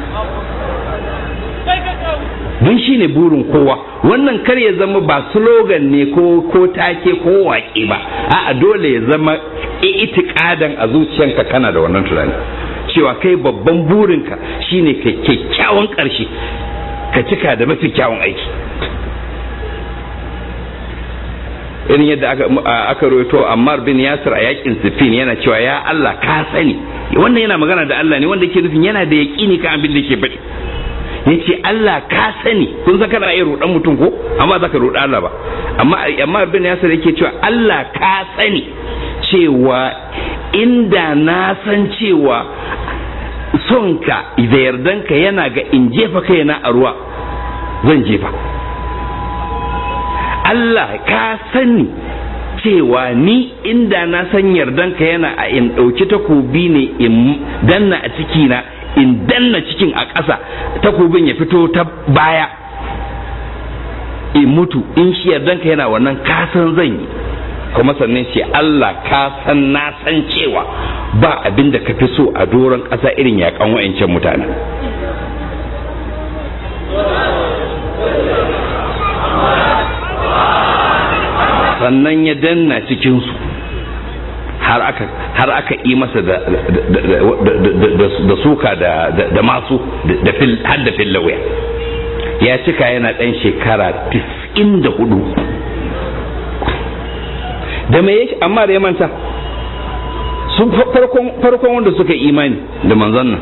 don shi ne burin kowa wannan kar ya zama ba slogan ne ko ko take ko waƙe ba a'a dole ya zama itiƙadan a zuciyanka kana da wannan tunani cewa kai babban burinka shine kyakkyawan ƙarshe ka cika da mafi kyawun aiki irin yadda aka roto ammar bin yasir a yakin sifin yana cewa ya Allah ka sani wannan yana magana da Allah ne wanda ke nufin yana da yaƙini kan abin da ke faɗi ya ce Allah ka sani kun san kana iya roɗan mutum ko amma za ka roɗa Allah ba amma ammar bin yasir yake cewa Allah ka sani cewa inda na san cewa sonka da yardanka yana ga in jefa kaina a ruwa zan jefa Allah ka sani cewa ni inda na san yardanka yana a in ɗauki takobi ne in danna a cikina in danna cikin a ƙasa takobin ya fito ta baya in mutu in shi yardanka yana wannan kasan zan yi kuma sannan ce Allah ka san na san cewa ba abin da ka fi so a doron ƙasa irin yakan wa'ancan mutane sannan ya danna cikinsu har aka yi masa da suka da masu har da fillawaya ya cika yana ɗan shekara 94 da mai yake amma da ya manta sun farkon wanda suka imani da manzon nan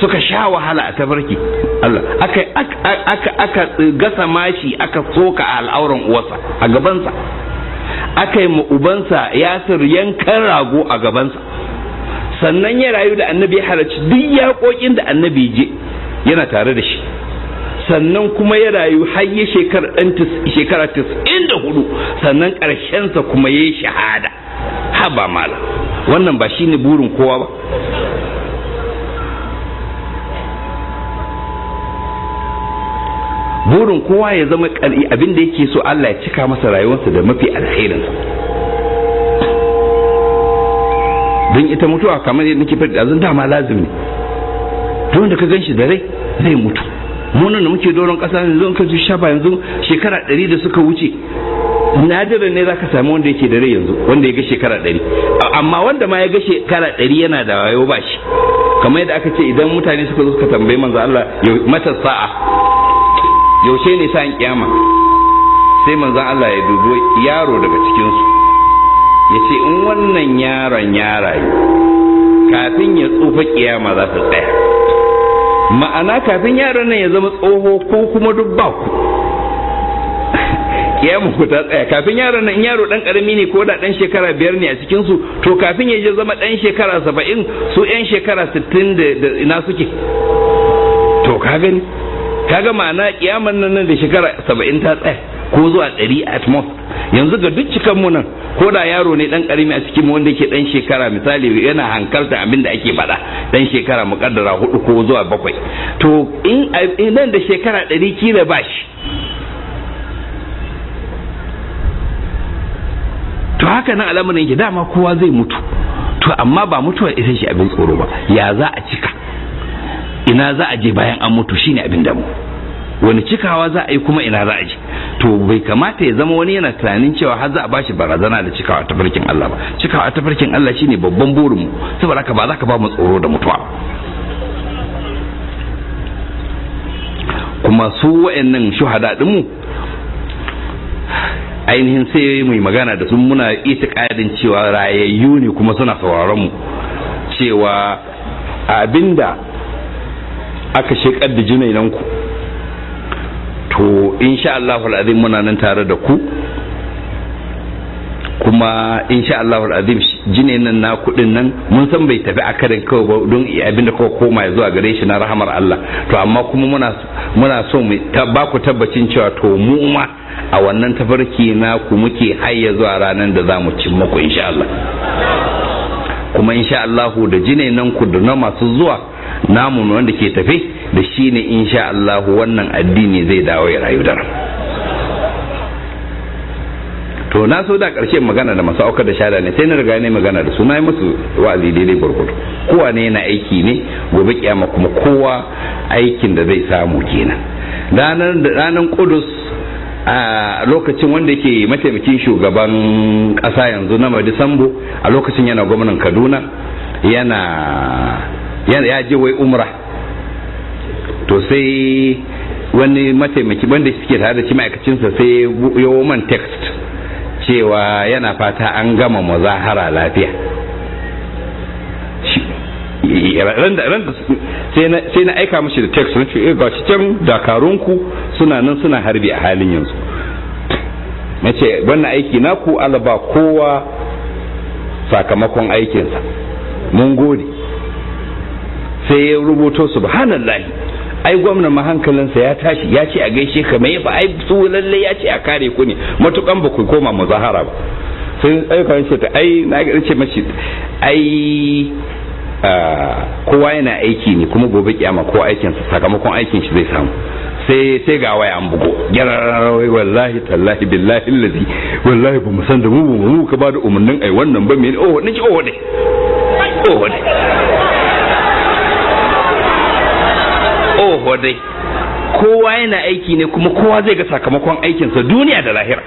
suka sha wahala a tabarki Allah aka gasa mashi aka soka a al'auran uwarsa a gabansa aka yi ma ubansa sir yankan rago a gabansa sannan ya rayu da annabi ya halarci duk yaƙoƙin da annabi je yana tare da shi sannan kuma ya rayu har ya shekara tis'in da hudu sannan ƙarshensa kuma ya yi shahada haba mala wannan ba shi ne burin kowa ba burin kowa ya zama abin da yake so Allah ya cika masa rayuwarsa da mafi alherin don ita mutuwa kamar yadda nake faɗi azun dama lazim ne don da ka gan shi da rai zai mutu mu da muke doron kasa yanzu in ka ji shaba yanzu shekara ɗari da suka wuce nadira ne za ka sami wanda yake da rai yanzu wanda ya ga shekara ɗari amma wanda ma ya ga shekara ɗari yana da wayo ba shi kamar yadda aka ce idan mutane suka zo suka tambayi manzo Allah mata sa'a yaushe ne sa'an kiyama sai manzo Allah ya dubo yaro daga cikin su ya ce in wannan yaron ya rayu kafin ya tsufa kiyama za ta tsaya ma'ana kafin yaran nan ya zama tsoho ko kuma duk ba ku ya ta tsaya kafin yaran nan yaro dan karami ne ko da dan shekara biyar ne a cikin su to kafin ya je zama dan shekara saba'in su yan shekara sittin da ina suke to ka gani kaga ma'ana kiyaman nan da shekara saba'in ta tsaya ko zuwa ɗari at most yanzu ga duk cikan mu nan ko da yaro ne dan karami a cikin mu wanda yake dan shekara misali yana hankalta abin da ake faɗa dan shekara mukaddara hudu ko zuwa bakwai to in eh, nan da shekara ɗari kila ba shi to haka nan alamun yake dama kowa zai mutu to amma ba mutuwar isa shi abin tsoro ba ya za a cika ina za a je bayan an mutu shine abin damu wani cikawa za a yi kuma ina za a ji to bai kamata ya zama wani yana tunanin cewa har za a bashi barazana da cikawa ta farkin Allah ba cikawa ta farkin Allah shine babban burinmu saboda haka ba za ka ba mu tsoro da mutuwa kuma su wa'annan shuhada mu? ainihin sai mu magana da sun muna itikadin cewa rayayyu ne kuma suna sauraron mu cewa abinda aka shekar da nan ku to insha Allah azim muna nan tare da ku kuma insha Allah azim jine nan na kudin nan mun san bai tafi a karin kawai ba don abin da kawai koma zuwa gare shi na rahamar Allah to amma kuma muna muna so mu ba ku tabbacin cewa to mu ma a wannan tafarki na ku muke hayya zuwa ranar da za mu cin muku insha Allah kuma insha Allah da jine nan ku da na masu zuwa namu wanda ke tafe da shi ne insha Allah wannan addini zai dawo ya rayu da to na so da karshe magana da masu aukar da shada ne sai na riga ne magana da su na yi musu wa'azi daidai gurgudu kowa ne yana aiki ne gobe kiyama kuma kowa aikin da zai samu kenan ranar da ranar kudus a lokacin wanda yake mataimakin shugaban kasa yanzu na madisambu a lokacin yana gwamnan kaduna yana ya je wai umra to sai wani mataimaki wanda suke tare da shi ma'aikacinsa sai ya man text cewa yana fata an gama mazahara lafiya sai na aika mashi da text na ce eh, ga shi can dakarunku suna nan suna harbi a halin yanzu na ce wannan aiki na ku alaba kowa sakamakon aikinsa mun gode sai ya rubuto subhanallahi ai gwamna ma hankalinsa ya tashi ya ce a gaishe ka mai ba ai su lalle ya ce a kare ku ne matukan ba ku koma muzahara ba sai ayyukan ce ta ai na ga ce mashi ai kowa yana aiki ne kuma gobe kiyama ko aikin sa sakamakon aikin shi zai samu sai sai ga waya an bugo gyararrawai wallahi tallahi billahi allazi wallahi ba mu san da mu mu ka ba da umarnin ai wannan ba me oh ni oh ne oh ne Oh dai kowa yana aiki ne kuma kowa zai ga sakamakon aikinsa duniya da lahira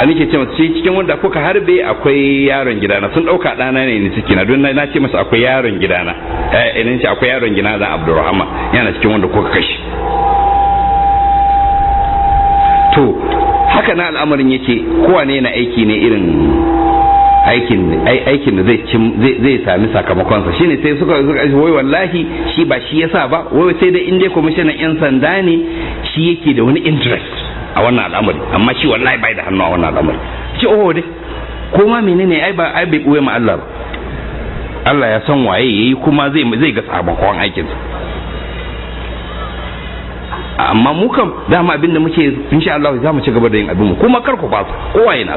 a nike ce mace cikin wanda kuka harbe akwai yaron gidana sun dauka dana ne ni ciki na don na ce masa akwai yaron gidana eh idan eh, ce akwai yaron gidana da Abdulrahman yana cikin wanda kuka kashi to haka na al'amarin yake kowa ne yana aiki ne irin aikin aikin da zai zai sami sakamakonsa shine sai suka suka wai wallahi shi ba shi yasa ba wai sai dai inda commissioner kwamishinan yan sanda ne shi yake da wani interest a wannan al'amari amma shi wallahi bai da hannu a wannan al'amari shi oho dai ko ma menene ai ba ai bai buye ma Allah ba Allah ya san waye yayi kuma zai zai ga aikin aikinsa amma mu kam dama abinda muke insha Allah za mu ci gaba da yin abin mu kuma kar ku ba kowa yana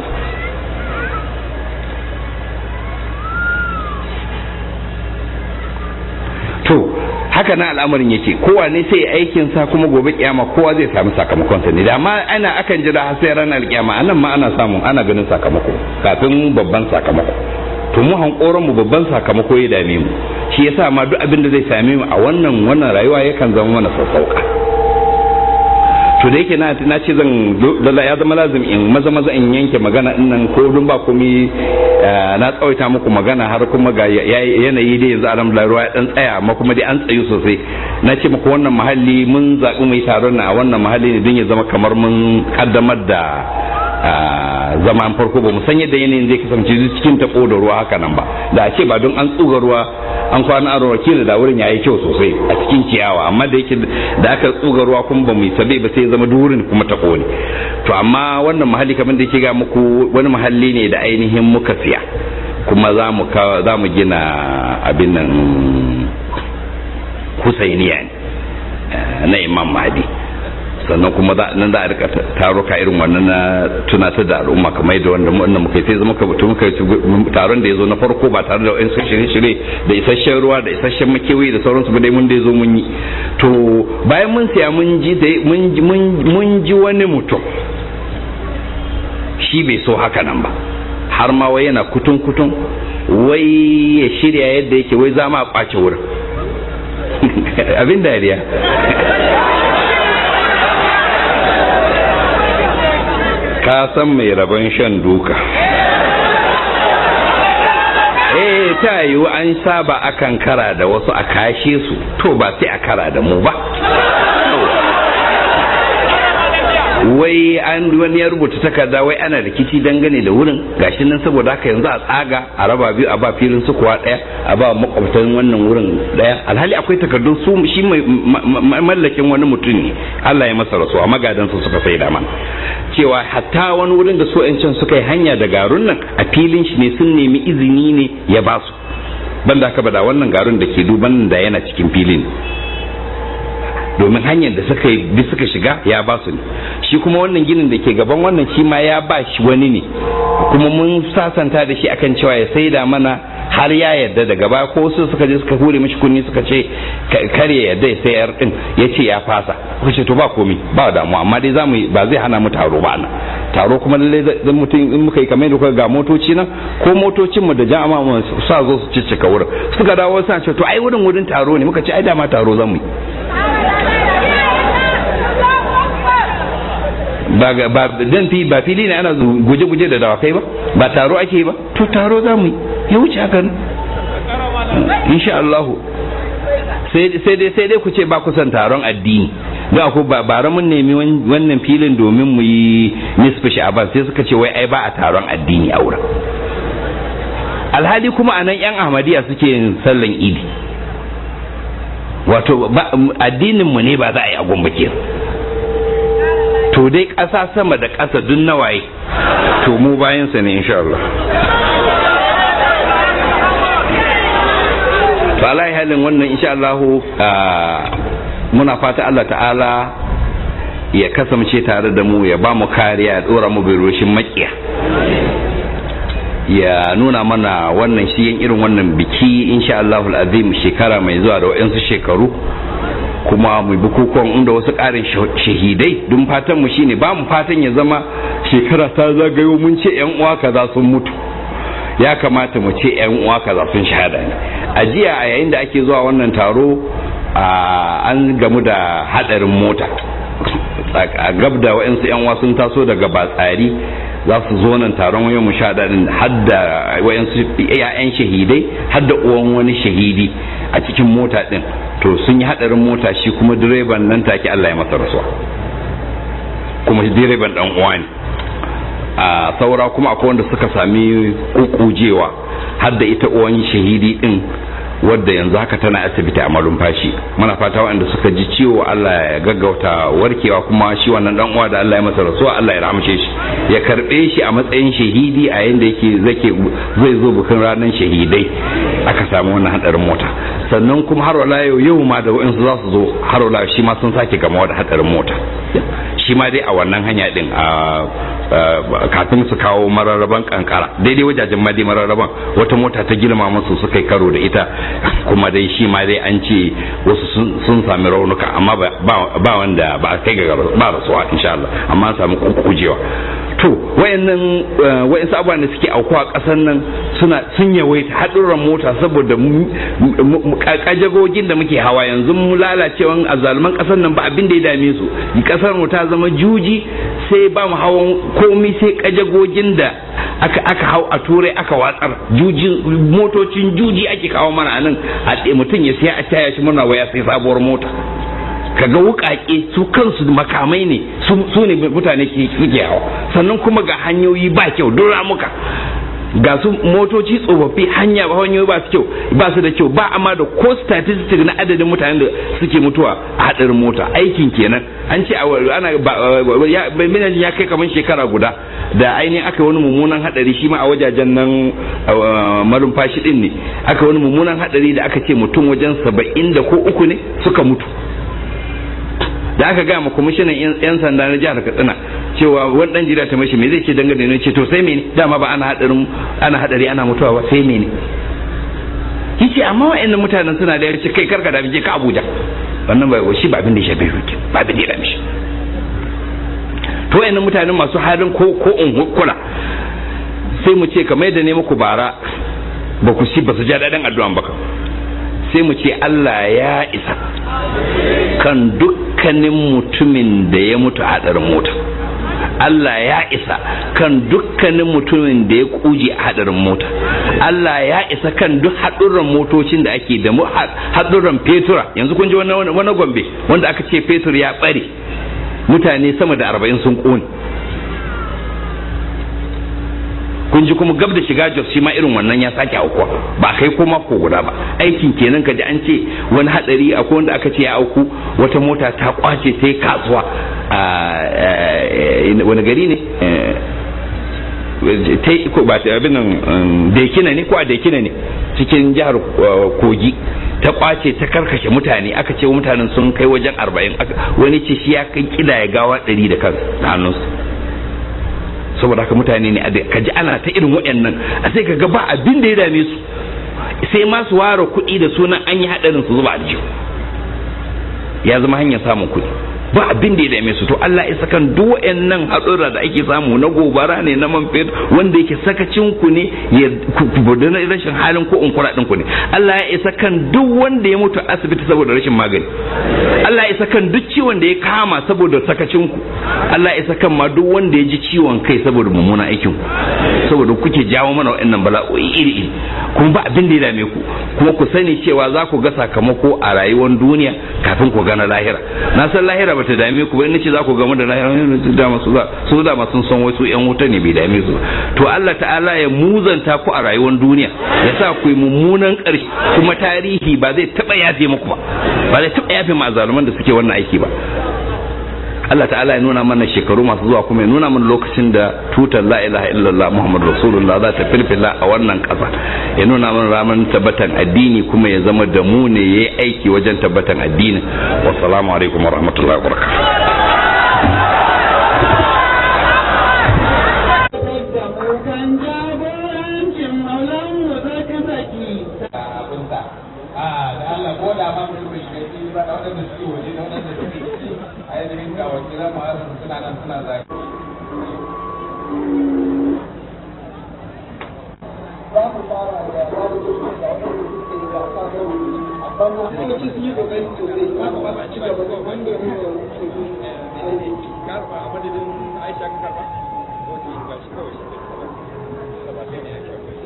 haka nan al'amarin yake kowa ne sai aikin sa kuma gobe kiyama kowa zai samu sakamakon sa ne da amma ana akan jira har sai ranar kiyama anan ma ana samun ana ganin sakamako kafin babban sakamako to mu hankoron mu babban sakamako ya dame mu shi yasa ma duk abin da zai same mu a wannan wannan rayuwa yakan zama mana sassauka to da yake na ce zan ya zama lazim in maza maza in yanke magana in nan ko dun ba komi eh, na tsawaita muku magana har kuma ga yanayi da yanzu da ruwa dan tsaya ma kuma dai an tsayu sosai na ce muku wannan muhalli mun zaɓi mu taron na a wannan mahalli ne don ya zama kamar mun kaddamar da zaman farko ba mu san yadda yanayin zai kasance cikin taɓo da ruwa haka nan ba da ake ba don an tsuga ruwa an kwana a ruwa kila da wurin yayi kyau sosai a cikin ciyawa amma da yake da aka tsuga ruwa kuma ba mu sabe ba sai zama durin kuma tabo ne to amma wannan muhalli kamar da yake ga muku wani mahalli ne da ainihin muka siya kuma za mu za mu gina abin nan husainiya ne eh, na imam mahdi sannan kuma nan za a rika taruka irin wannan na tunatar da al'umma kamar da wanda mu'anna muka sai zama ka mutum muka taron da ya zo na farko ba tare da wani shirye-shirye da isasshen ruwa da isasshen makewi da sauransu ba dai mun da ya zo mun yi to bayan mun siya mun ji mun ji wani mutum shi bai so haka nan ba har ma wai yana kutun kutun wai ya shirya yadda yake wai za mu a kwace wurin [LAUGHS] abin dariya ka san mai rabon shan duka eh ta yiwu an saba akan kara da wasu a kashe su to ba sai a kara da mu ba wai an wani ya rubuta takarda wai ana rikici dangane da wurin gashi nan saboda haka yanzu a tsaga a raba biyu a ba filin su kuwa daya a ba makwabtan wannan wurin daya alhali akwai takardun su shi mallakin wani mutum ne Allah ya masa rasuwa magadan su suka dama mana cewa hatta wani wurin da su can suka yi hanya da garun nan a filin shi ne sun nemi izini ne ya basu banda haka bada wannan garun da ke duban da yana cikin filin domin hanyar da suka bi suka shiga ya ba su ne shi kuma wannan ginin da ke gaban wannan shi ma ya ba shi wani ne kuma mun sasanta da shi akan cewa ya sai da mana har ya yarda daga baya ko su suka je suka hure mishi kunni suka ce kare ya yarda ya yar din ya ce ya fasa kuka ce to ba komi ba damuwa amma dai zamu ba zai hana mu taro ba nan taro kuma lallai zan mutum in muka yi kamar da kuka ga motoci nan ko motocin mu da jama'a mu sa zo su ciccika wurin suka dawo suna ce to ai wurin wurin taro ne muka ce ai dama taro zamu yi ba dan fi ba fili ne ana guje-guje da dawakai ba ba taro ake ba to taro za mu ya wuce haka insha Allah sai dai sai dai ku ce ba ku san taron addini da ku ba bara mun nemi wannan filin domin mu yi nisfi sha'aban sai suka ce wai ai ba a taron addini a wurin alhali kuma anan yan ahmadiyya suke yin sallan idi wato addinin mu ne ba za a yi agun baki to dai ƙasa sama da ƙasa duk nawaye to mu sa ne insha Allah alai halin wannan insha Allah muna fata Allah ta'ala ya kasance tare da mu ya ba mu kariya ya dora mu roshin makiya ya nuna mana wannan shi yin irin wannan biki insha Allah azim shekara mai zuwa da wayansu shekaru kuma mu bukukuwan inda wasu ƙarin shahidai don fatan mu shine ba mu fatan ya zama shekara ta zagayo mun ce yan uwa kaza sun mutu ya kamata mu ce yan uwa kaza sun shahada ne a jiya a yayin da ake zuwa wannan taro an gamu da hadarin mota a gabda wa'yansu yan uwa sun taso daga batsari za su zo nan taron wayo mu sha hadda wa'yansu yayan shahidai hadda uwan wani shahidi a cikin mota ɗin to sun yi haɗarin mota shi kuma direban nan take Allah ya masa rasuwa kuma direban ɗan uwa ne a saura kuma akwai wanda suka sami kukujewa har ita uwan shahidi ɗin. wadda yanzu haka tana asibiti a malum fashi muna fata waɗanda suka ji ciwo Allah ya gaggauta warkewa kuma shi wannan dan uwa da Allah ya masa rasuwa Allah ya rahmace shi ya karbe shi a matsayin shahidi a yanda yake zake zai zo bukin ranar shahidai aka samu wannan hadarin mota sannan kuma har wala yau yau ma da waɗansu za su zo har wala shi ma sun sake gamawa da hadarin mota shi ma dai a wannan hanya din a kafin su kawo mararraban kankara daidai wajajen madi mararraban wata mota ta girma musu suka yi karo da ita kuma dai shi ma dai an ce wasu sun sami raunuka amma ba wanda ba kai ga ba rasuwa insha Allah amma an samu kujewa to wayannan eh, wayansu abubuwa da suke aukuwa a ƙasar nan suna sun yawaita haɗurran mota saboda kajagogin da muke hawa yanzu mu lalacewan azzaluman ƙasar nan ba abin da ya dame su ƙasar mu ta zama juji sai ba mu hawan komi sai kajagogin da aka aka hau a turai aka watsar juji motocin juji ake kawo mana anan a mutum ya siya a taya shi muna waya sai sabuwar mota kaga wukake su kansu makamai ne su ne mutane suke hawa sannan kuma ga hanyoyi ba kyau don ramuka ga su motoci tsofaffi hanya ba hanyoyi ba su kyau ba su da kyau ba amma da ko statistics na adadin mutanen da suke mutuwa a hadarin mota aikin kenan an ce ana minajin ya kai kamar shekara guda da ainihin aka wani mummunan hadari shi ma a wajajen nan fashi din ne aka wani mummunan hadari da aka ce mutum wajen saba'in da ko uku ne suka mutu da aka gaya ma kwamishinan yan sanda na jihar katsina cewa wani dan jira ta mashi me zai ce dangane ne ce to sai mene dama ba ana hadarin ana hadari ana mutuwa ba sai mene yace amma wa'annan mutanen suna da yarce kai karka da bije ka Abuja wannan bai shi ba abin da ya shafe shi ba abin da ya dame to wa'annan mutanen masu halin ko ko kula sai mu ce mai da ne muku bara ba ku shi ba su ja daɗin addu'an ba sai mu ce Allah ya isa kan dukkanin mutumin da ya mutu a hadarin mota Allah ya isa kan dukkanin mutumin da ya kuje a mota Allah ya isa kan duk haɗurran motocin da ake da haɗurran fetura yanzu kun ji wani gombe wanda aka ce fetur ya ɓare mutane sama da arba'in sun ƙone kun ji kuma gab da shiga jos shi ma irin wannan ya sake aukuwa ba kai ko guda ba aikin kenan ka ji an ce wani hadari akwai wanda aka ce ya auku wata mota ta kwace ta yi kasuwa wani gari ne eh, ta ba abin nan um, dekina ne ko a dekina ne cikin jihar uh, kogi ta kwace ta karkashe mutane aka ce mutanen sun kai wajen arba'in wani ce shi ya kai kidaya gawa ɗari da a hannunsu saboda haka mutane ne ka ji ana ta irin waɗannan a sai ka ga ba abin da ya dame su sai masu su ware kuɗi da sunan an yi haɗarin su zuba aljihu ya zama hanyar samun kuɗi ba abin da ya dame su to Allah ya saka duk wayannan hadura da ake samu na gobara ne na man fetur wanda yake sakacin ku ne ya rashin halin ko unkura din ku ne Allah ya isa kan duk wanda ya mutu asibiti saboda rashin magani Allah ya isa kan duk ciwon da ya kama saboda sakacin ku Allah ya isa kan ma duk wanda ya ji ciwon kai saboda mummuna aikin ku saboda kuke jawo mana wayannan bala'o'i iri iri kuma ba abin da ya dame ku kuma ku sani cewa za ku ga sakamako a rayuwar duniya kafin ku gana lahira na san lahira bata dame ku ba in nace za ku gamu da su da masu za su da masu san wai su yan wuta ne bai dame su to Allah ta'ala ya muzanta ku a rayuwar duniya ya sa ku yi mummunan ƙarshe kuma tarihi ba zai taba yafe muku ba ba zai taba yafe ma zaluman da suke wannan aiki ba Allah ta'ala ya nuna mana shekaru masu zuwa kuma ya nuna mana lokacin da tutar la ilaha illallah Muhammad Rasulullah za ta filfila a wannan ƙasa ya nuna mana ranar tabbatan addini kuma ya zama da mu ne ya yi aiki wajen tabbatan addini wassalamu alaikum warahmatullahi wabarakatuh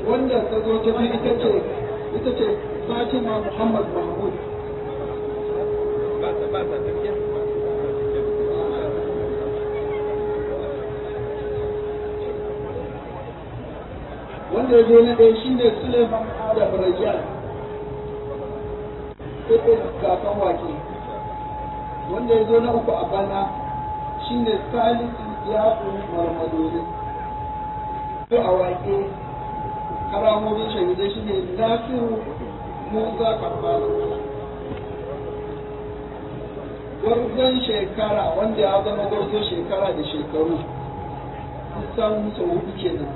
wanda ta zo ta biyu ita ce ita ce ma Muhammad Mahmud wanda ya zo na ɗaya shi ne Suleiman Adam Rajal irin gaban wake wanda ya zo na uku a bana shine salisu ya kuri marmadori ko a wake karamomin shahidai shine nafiru musa karbala gwarzon shekara wanda ya zama gwarzon shekara da shekaru kusan sau hudu kenan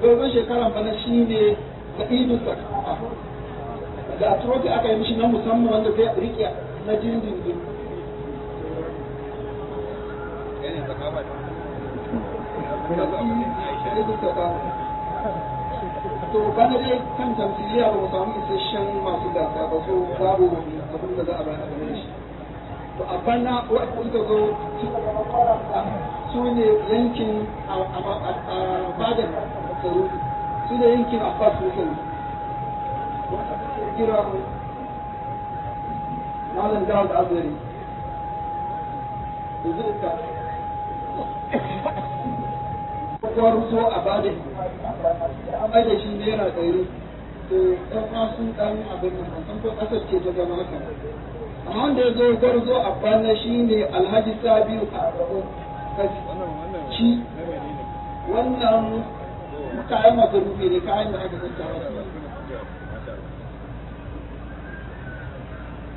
gwarzon shekaran bana shine sa'idu sakawa ga trofi aka yi mishi na musamman wanda zai riƙe na jirgin dindindin to bana dai kan tamsiliya ba mu samu isasshen masu gasa ba so babu abin da za a bayar a game shi to a bana wanda zo su ne yankin a bagan tsaro su ne yankin abbas musulmi kira ku malam azari kwakwar so a bada a bada shi to ɗan sun ɗan abin nan san ko ƙasar ce ta zama haka wanda ya zo gwarzo a bana shi ne alhaji sabiu a shi wannan kayan masarufi ne kayan da aka tattara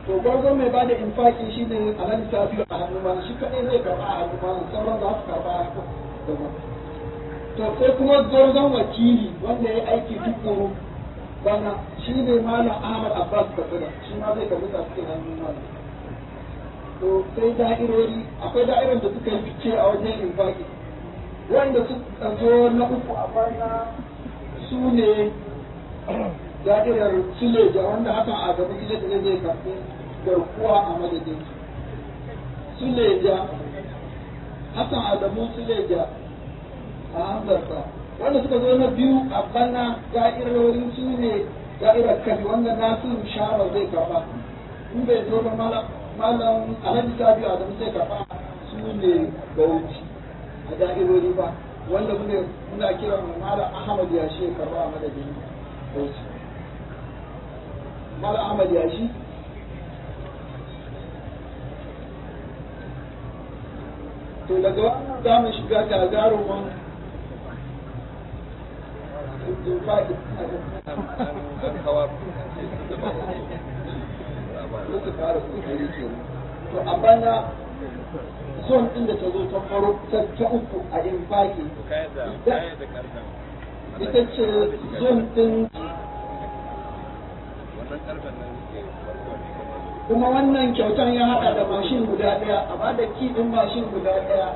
to gwargwar mai bada infaki shi ne nan sabiu a hannu ma shi kadai zai karɓa a hannu ma sauran za su karɓa a gaba to sai kuma gwargwar wakili wanda ya aiki duk tukuru bana shi ne malam ahmad abbas katsina shi ma zai karɓi sa cikin hannu malam to sai da'irori akwai da'irar da suka yi fice a wajen infaki wanda suka zo na uku a bana su ne da'irar cile da wanda hakan a gaba ile zai karfi garkuwa a madadin cile da hakan a gaba cile da a hanzarta wanda suka zo na biyu a bana da'irorin su ne da'irar kafi wanda nasiru shara zai karfa in bai zo ba malam alhaji sabi a gaba zai karfa su ne bauchi a gairori ba wanda muna kiran malam ahmad ya shi karfa a madadin bauchi mala ya shi to daga wannan za mu shiga gagarumin to a bana son ɗin da ta zo ta faro ta uku a infaki ita ce zon ɗin kuma wannan kyautan ya haɗa da mashin guda ɗaya a ba da kiɗin mashin guda ɗaya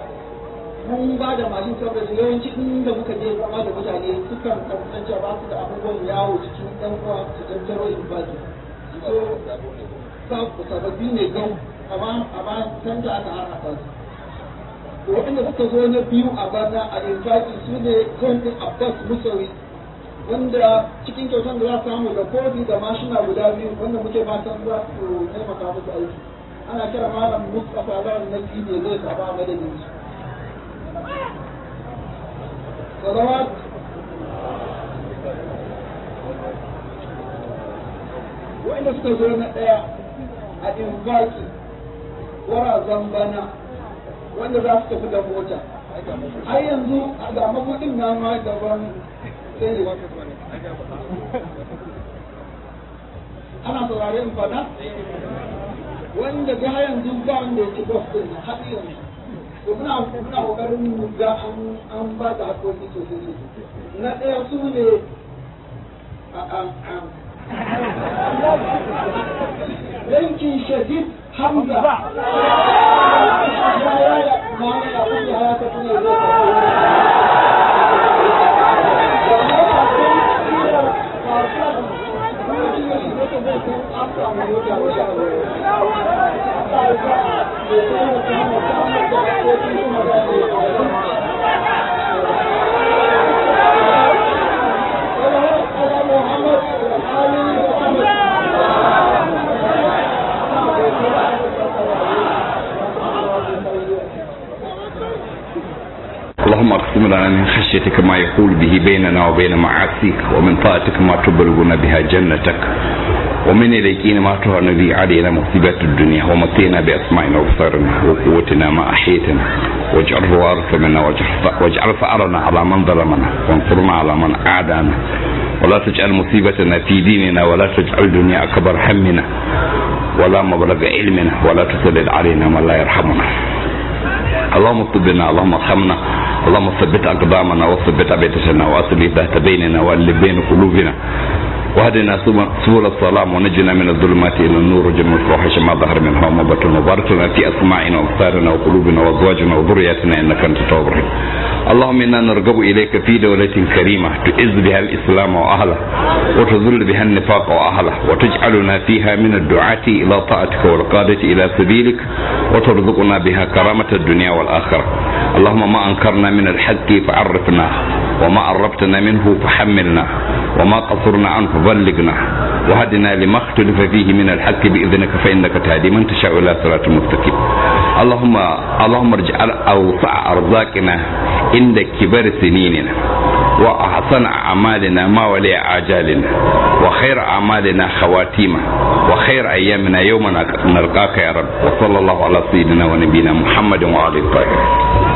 mun ba da mashin saboda yawanci inda muka je zama da mutane sukan kasance ba su da abubuwan yawo cikin ɗan kuwa su tattaro in ba su so sababbi ne gan amma amma san da aka haɗa su waɗanda suka zo na biyu a bana a yanzu su ne kan abbas musawi wanda cikin kyautan da za su samu da kofi da mashina guda biyu wanda muke fatan za su taimaka musu aiki ana kira malam Mustapha Lawan na ne zai saba madadin su salawat wanda suka zo na ɗaya a invaki warazan bana wanda za su tafi da mota har yanzu a ga mabudin na ma daban ana saurare in fada wanda ga yanzu ba ci bas din har yanzu to muna muna kokarin mu ga an ba da hakoki sosai sosai na ɗaya su ne a a a yankin shadid hamza ya ya ya ya ya ya ya ya ya ya اللهم اقسم لنا من خشيتك ما يقول به بيننا وبين معاصيك ومن طاعتك ما تبلغنا بها جنتك ومن الذين ما تهر الذي علينا مصيبات الدنيا وما تينا بأسمائنا وبصرنا وقوتنا ما أحيتنا واجعل وارث منا واجعل فأرنا على من ظلمنا وانصرنا على من أعدانا ولا تجعل مصيبتنا في ديننا ولا تجعل الدنيا أكبر همنا ولا مبلغ علمنا ولا تسلل علينا من لا يرحمنا اللهم اطبنا اللهم ارحمنا اللهم ثبت أقدامنا وثبت أبيتنا وأصلح ذات بيننا وألف بين قلوبنا واهدنا سبل السلام ونجنا من الظلمات الى النور وجمع الفواحش ما ظهر منها وما بطن وبارك لنا في اسمائنا وابصارنا وقلوبنا وازواجنا وذرياتنا انك انت التواب الرحيم. اللهم انا نرغب اليك في دوله كريمه تعز بها الاسلام واهله وتذل بها النفاق واهله وتجعلنا فيها من الدعاة الى طاعتك والقادة الى سبيلك وترزقنا بها كرامة الدنيا والاخره. اللهم ما انكرنا من الحق فعرفنا وما عرفتنا منه فحملنا وما قصرنا عنه وبلغنا وهدنا لما اختلف فيه من الحق باذنك فانك تهدي من تشاء الى صراط مستقيم اللهم اللهم اجعل اوسع ارزاقنا عند كبر سنيننا وأحسن أعمالنا ما ولي أجالنا وخير أعمالنا خواتيمه وخير أيامنا يوم نلقاك يا رب وصلى الله على سيدنا ونبينا محمد وعلى الطاهر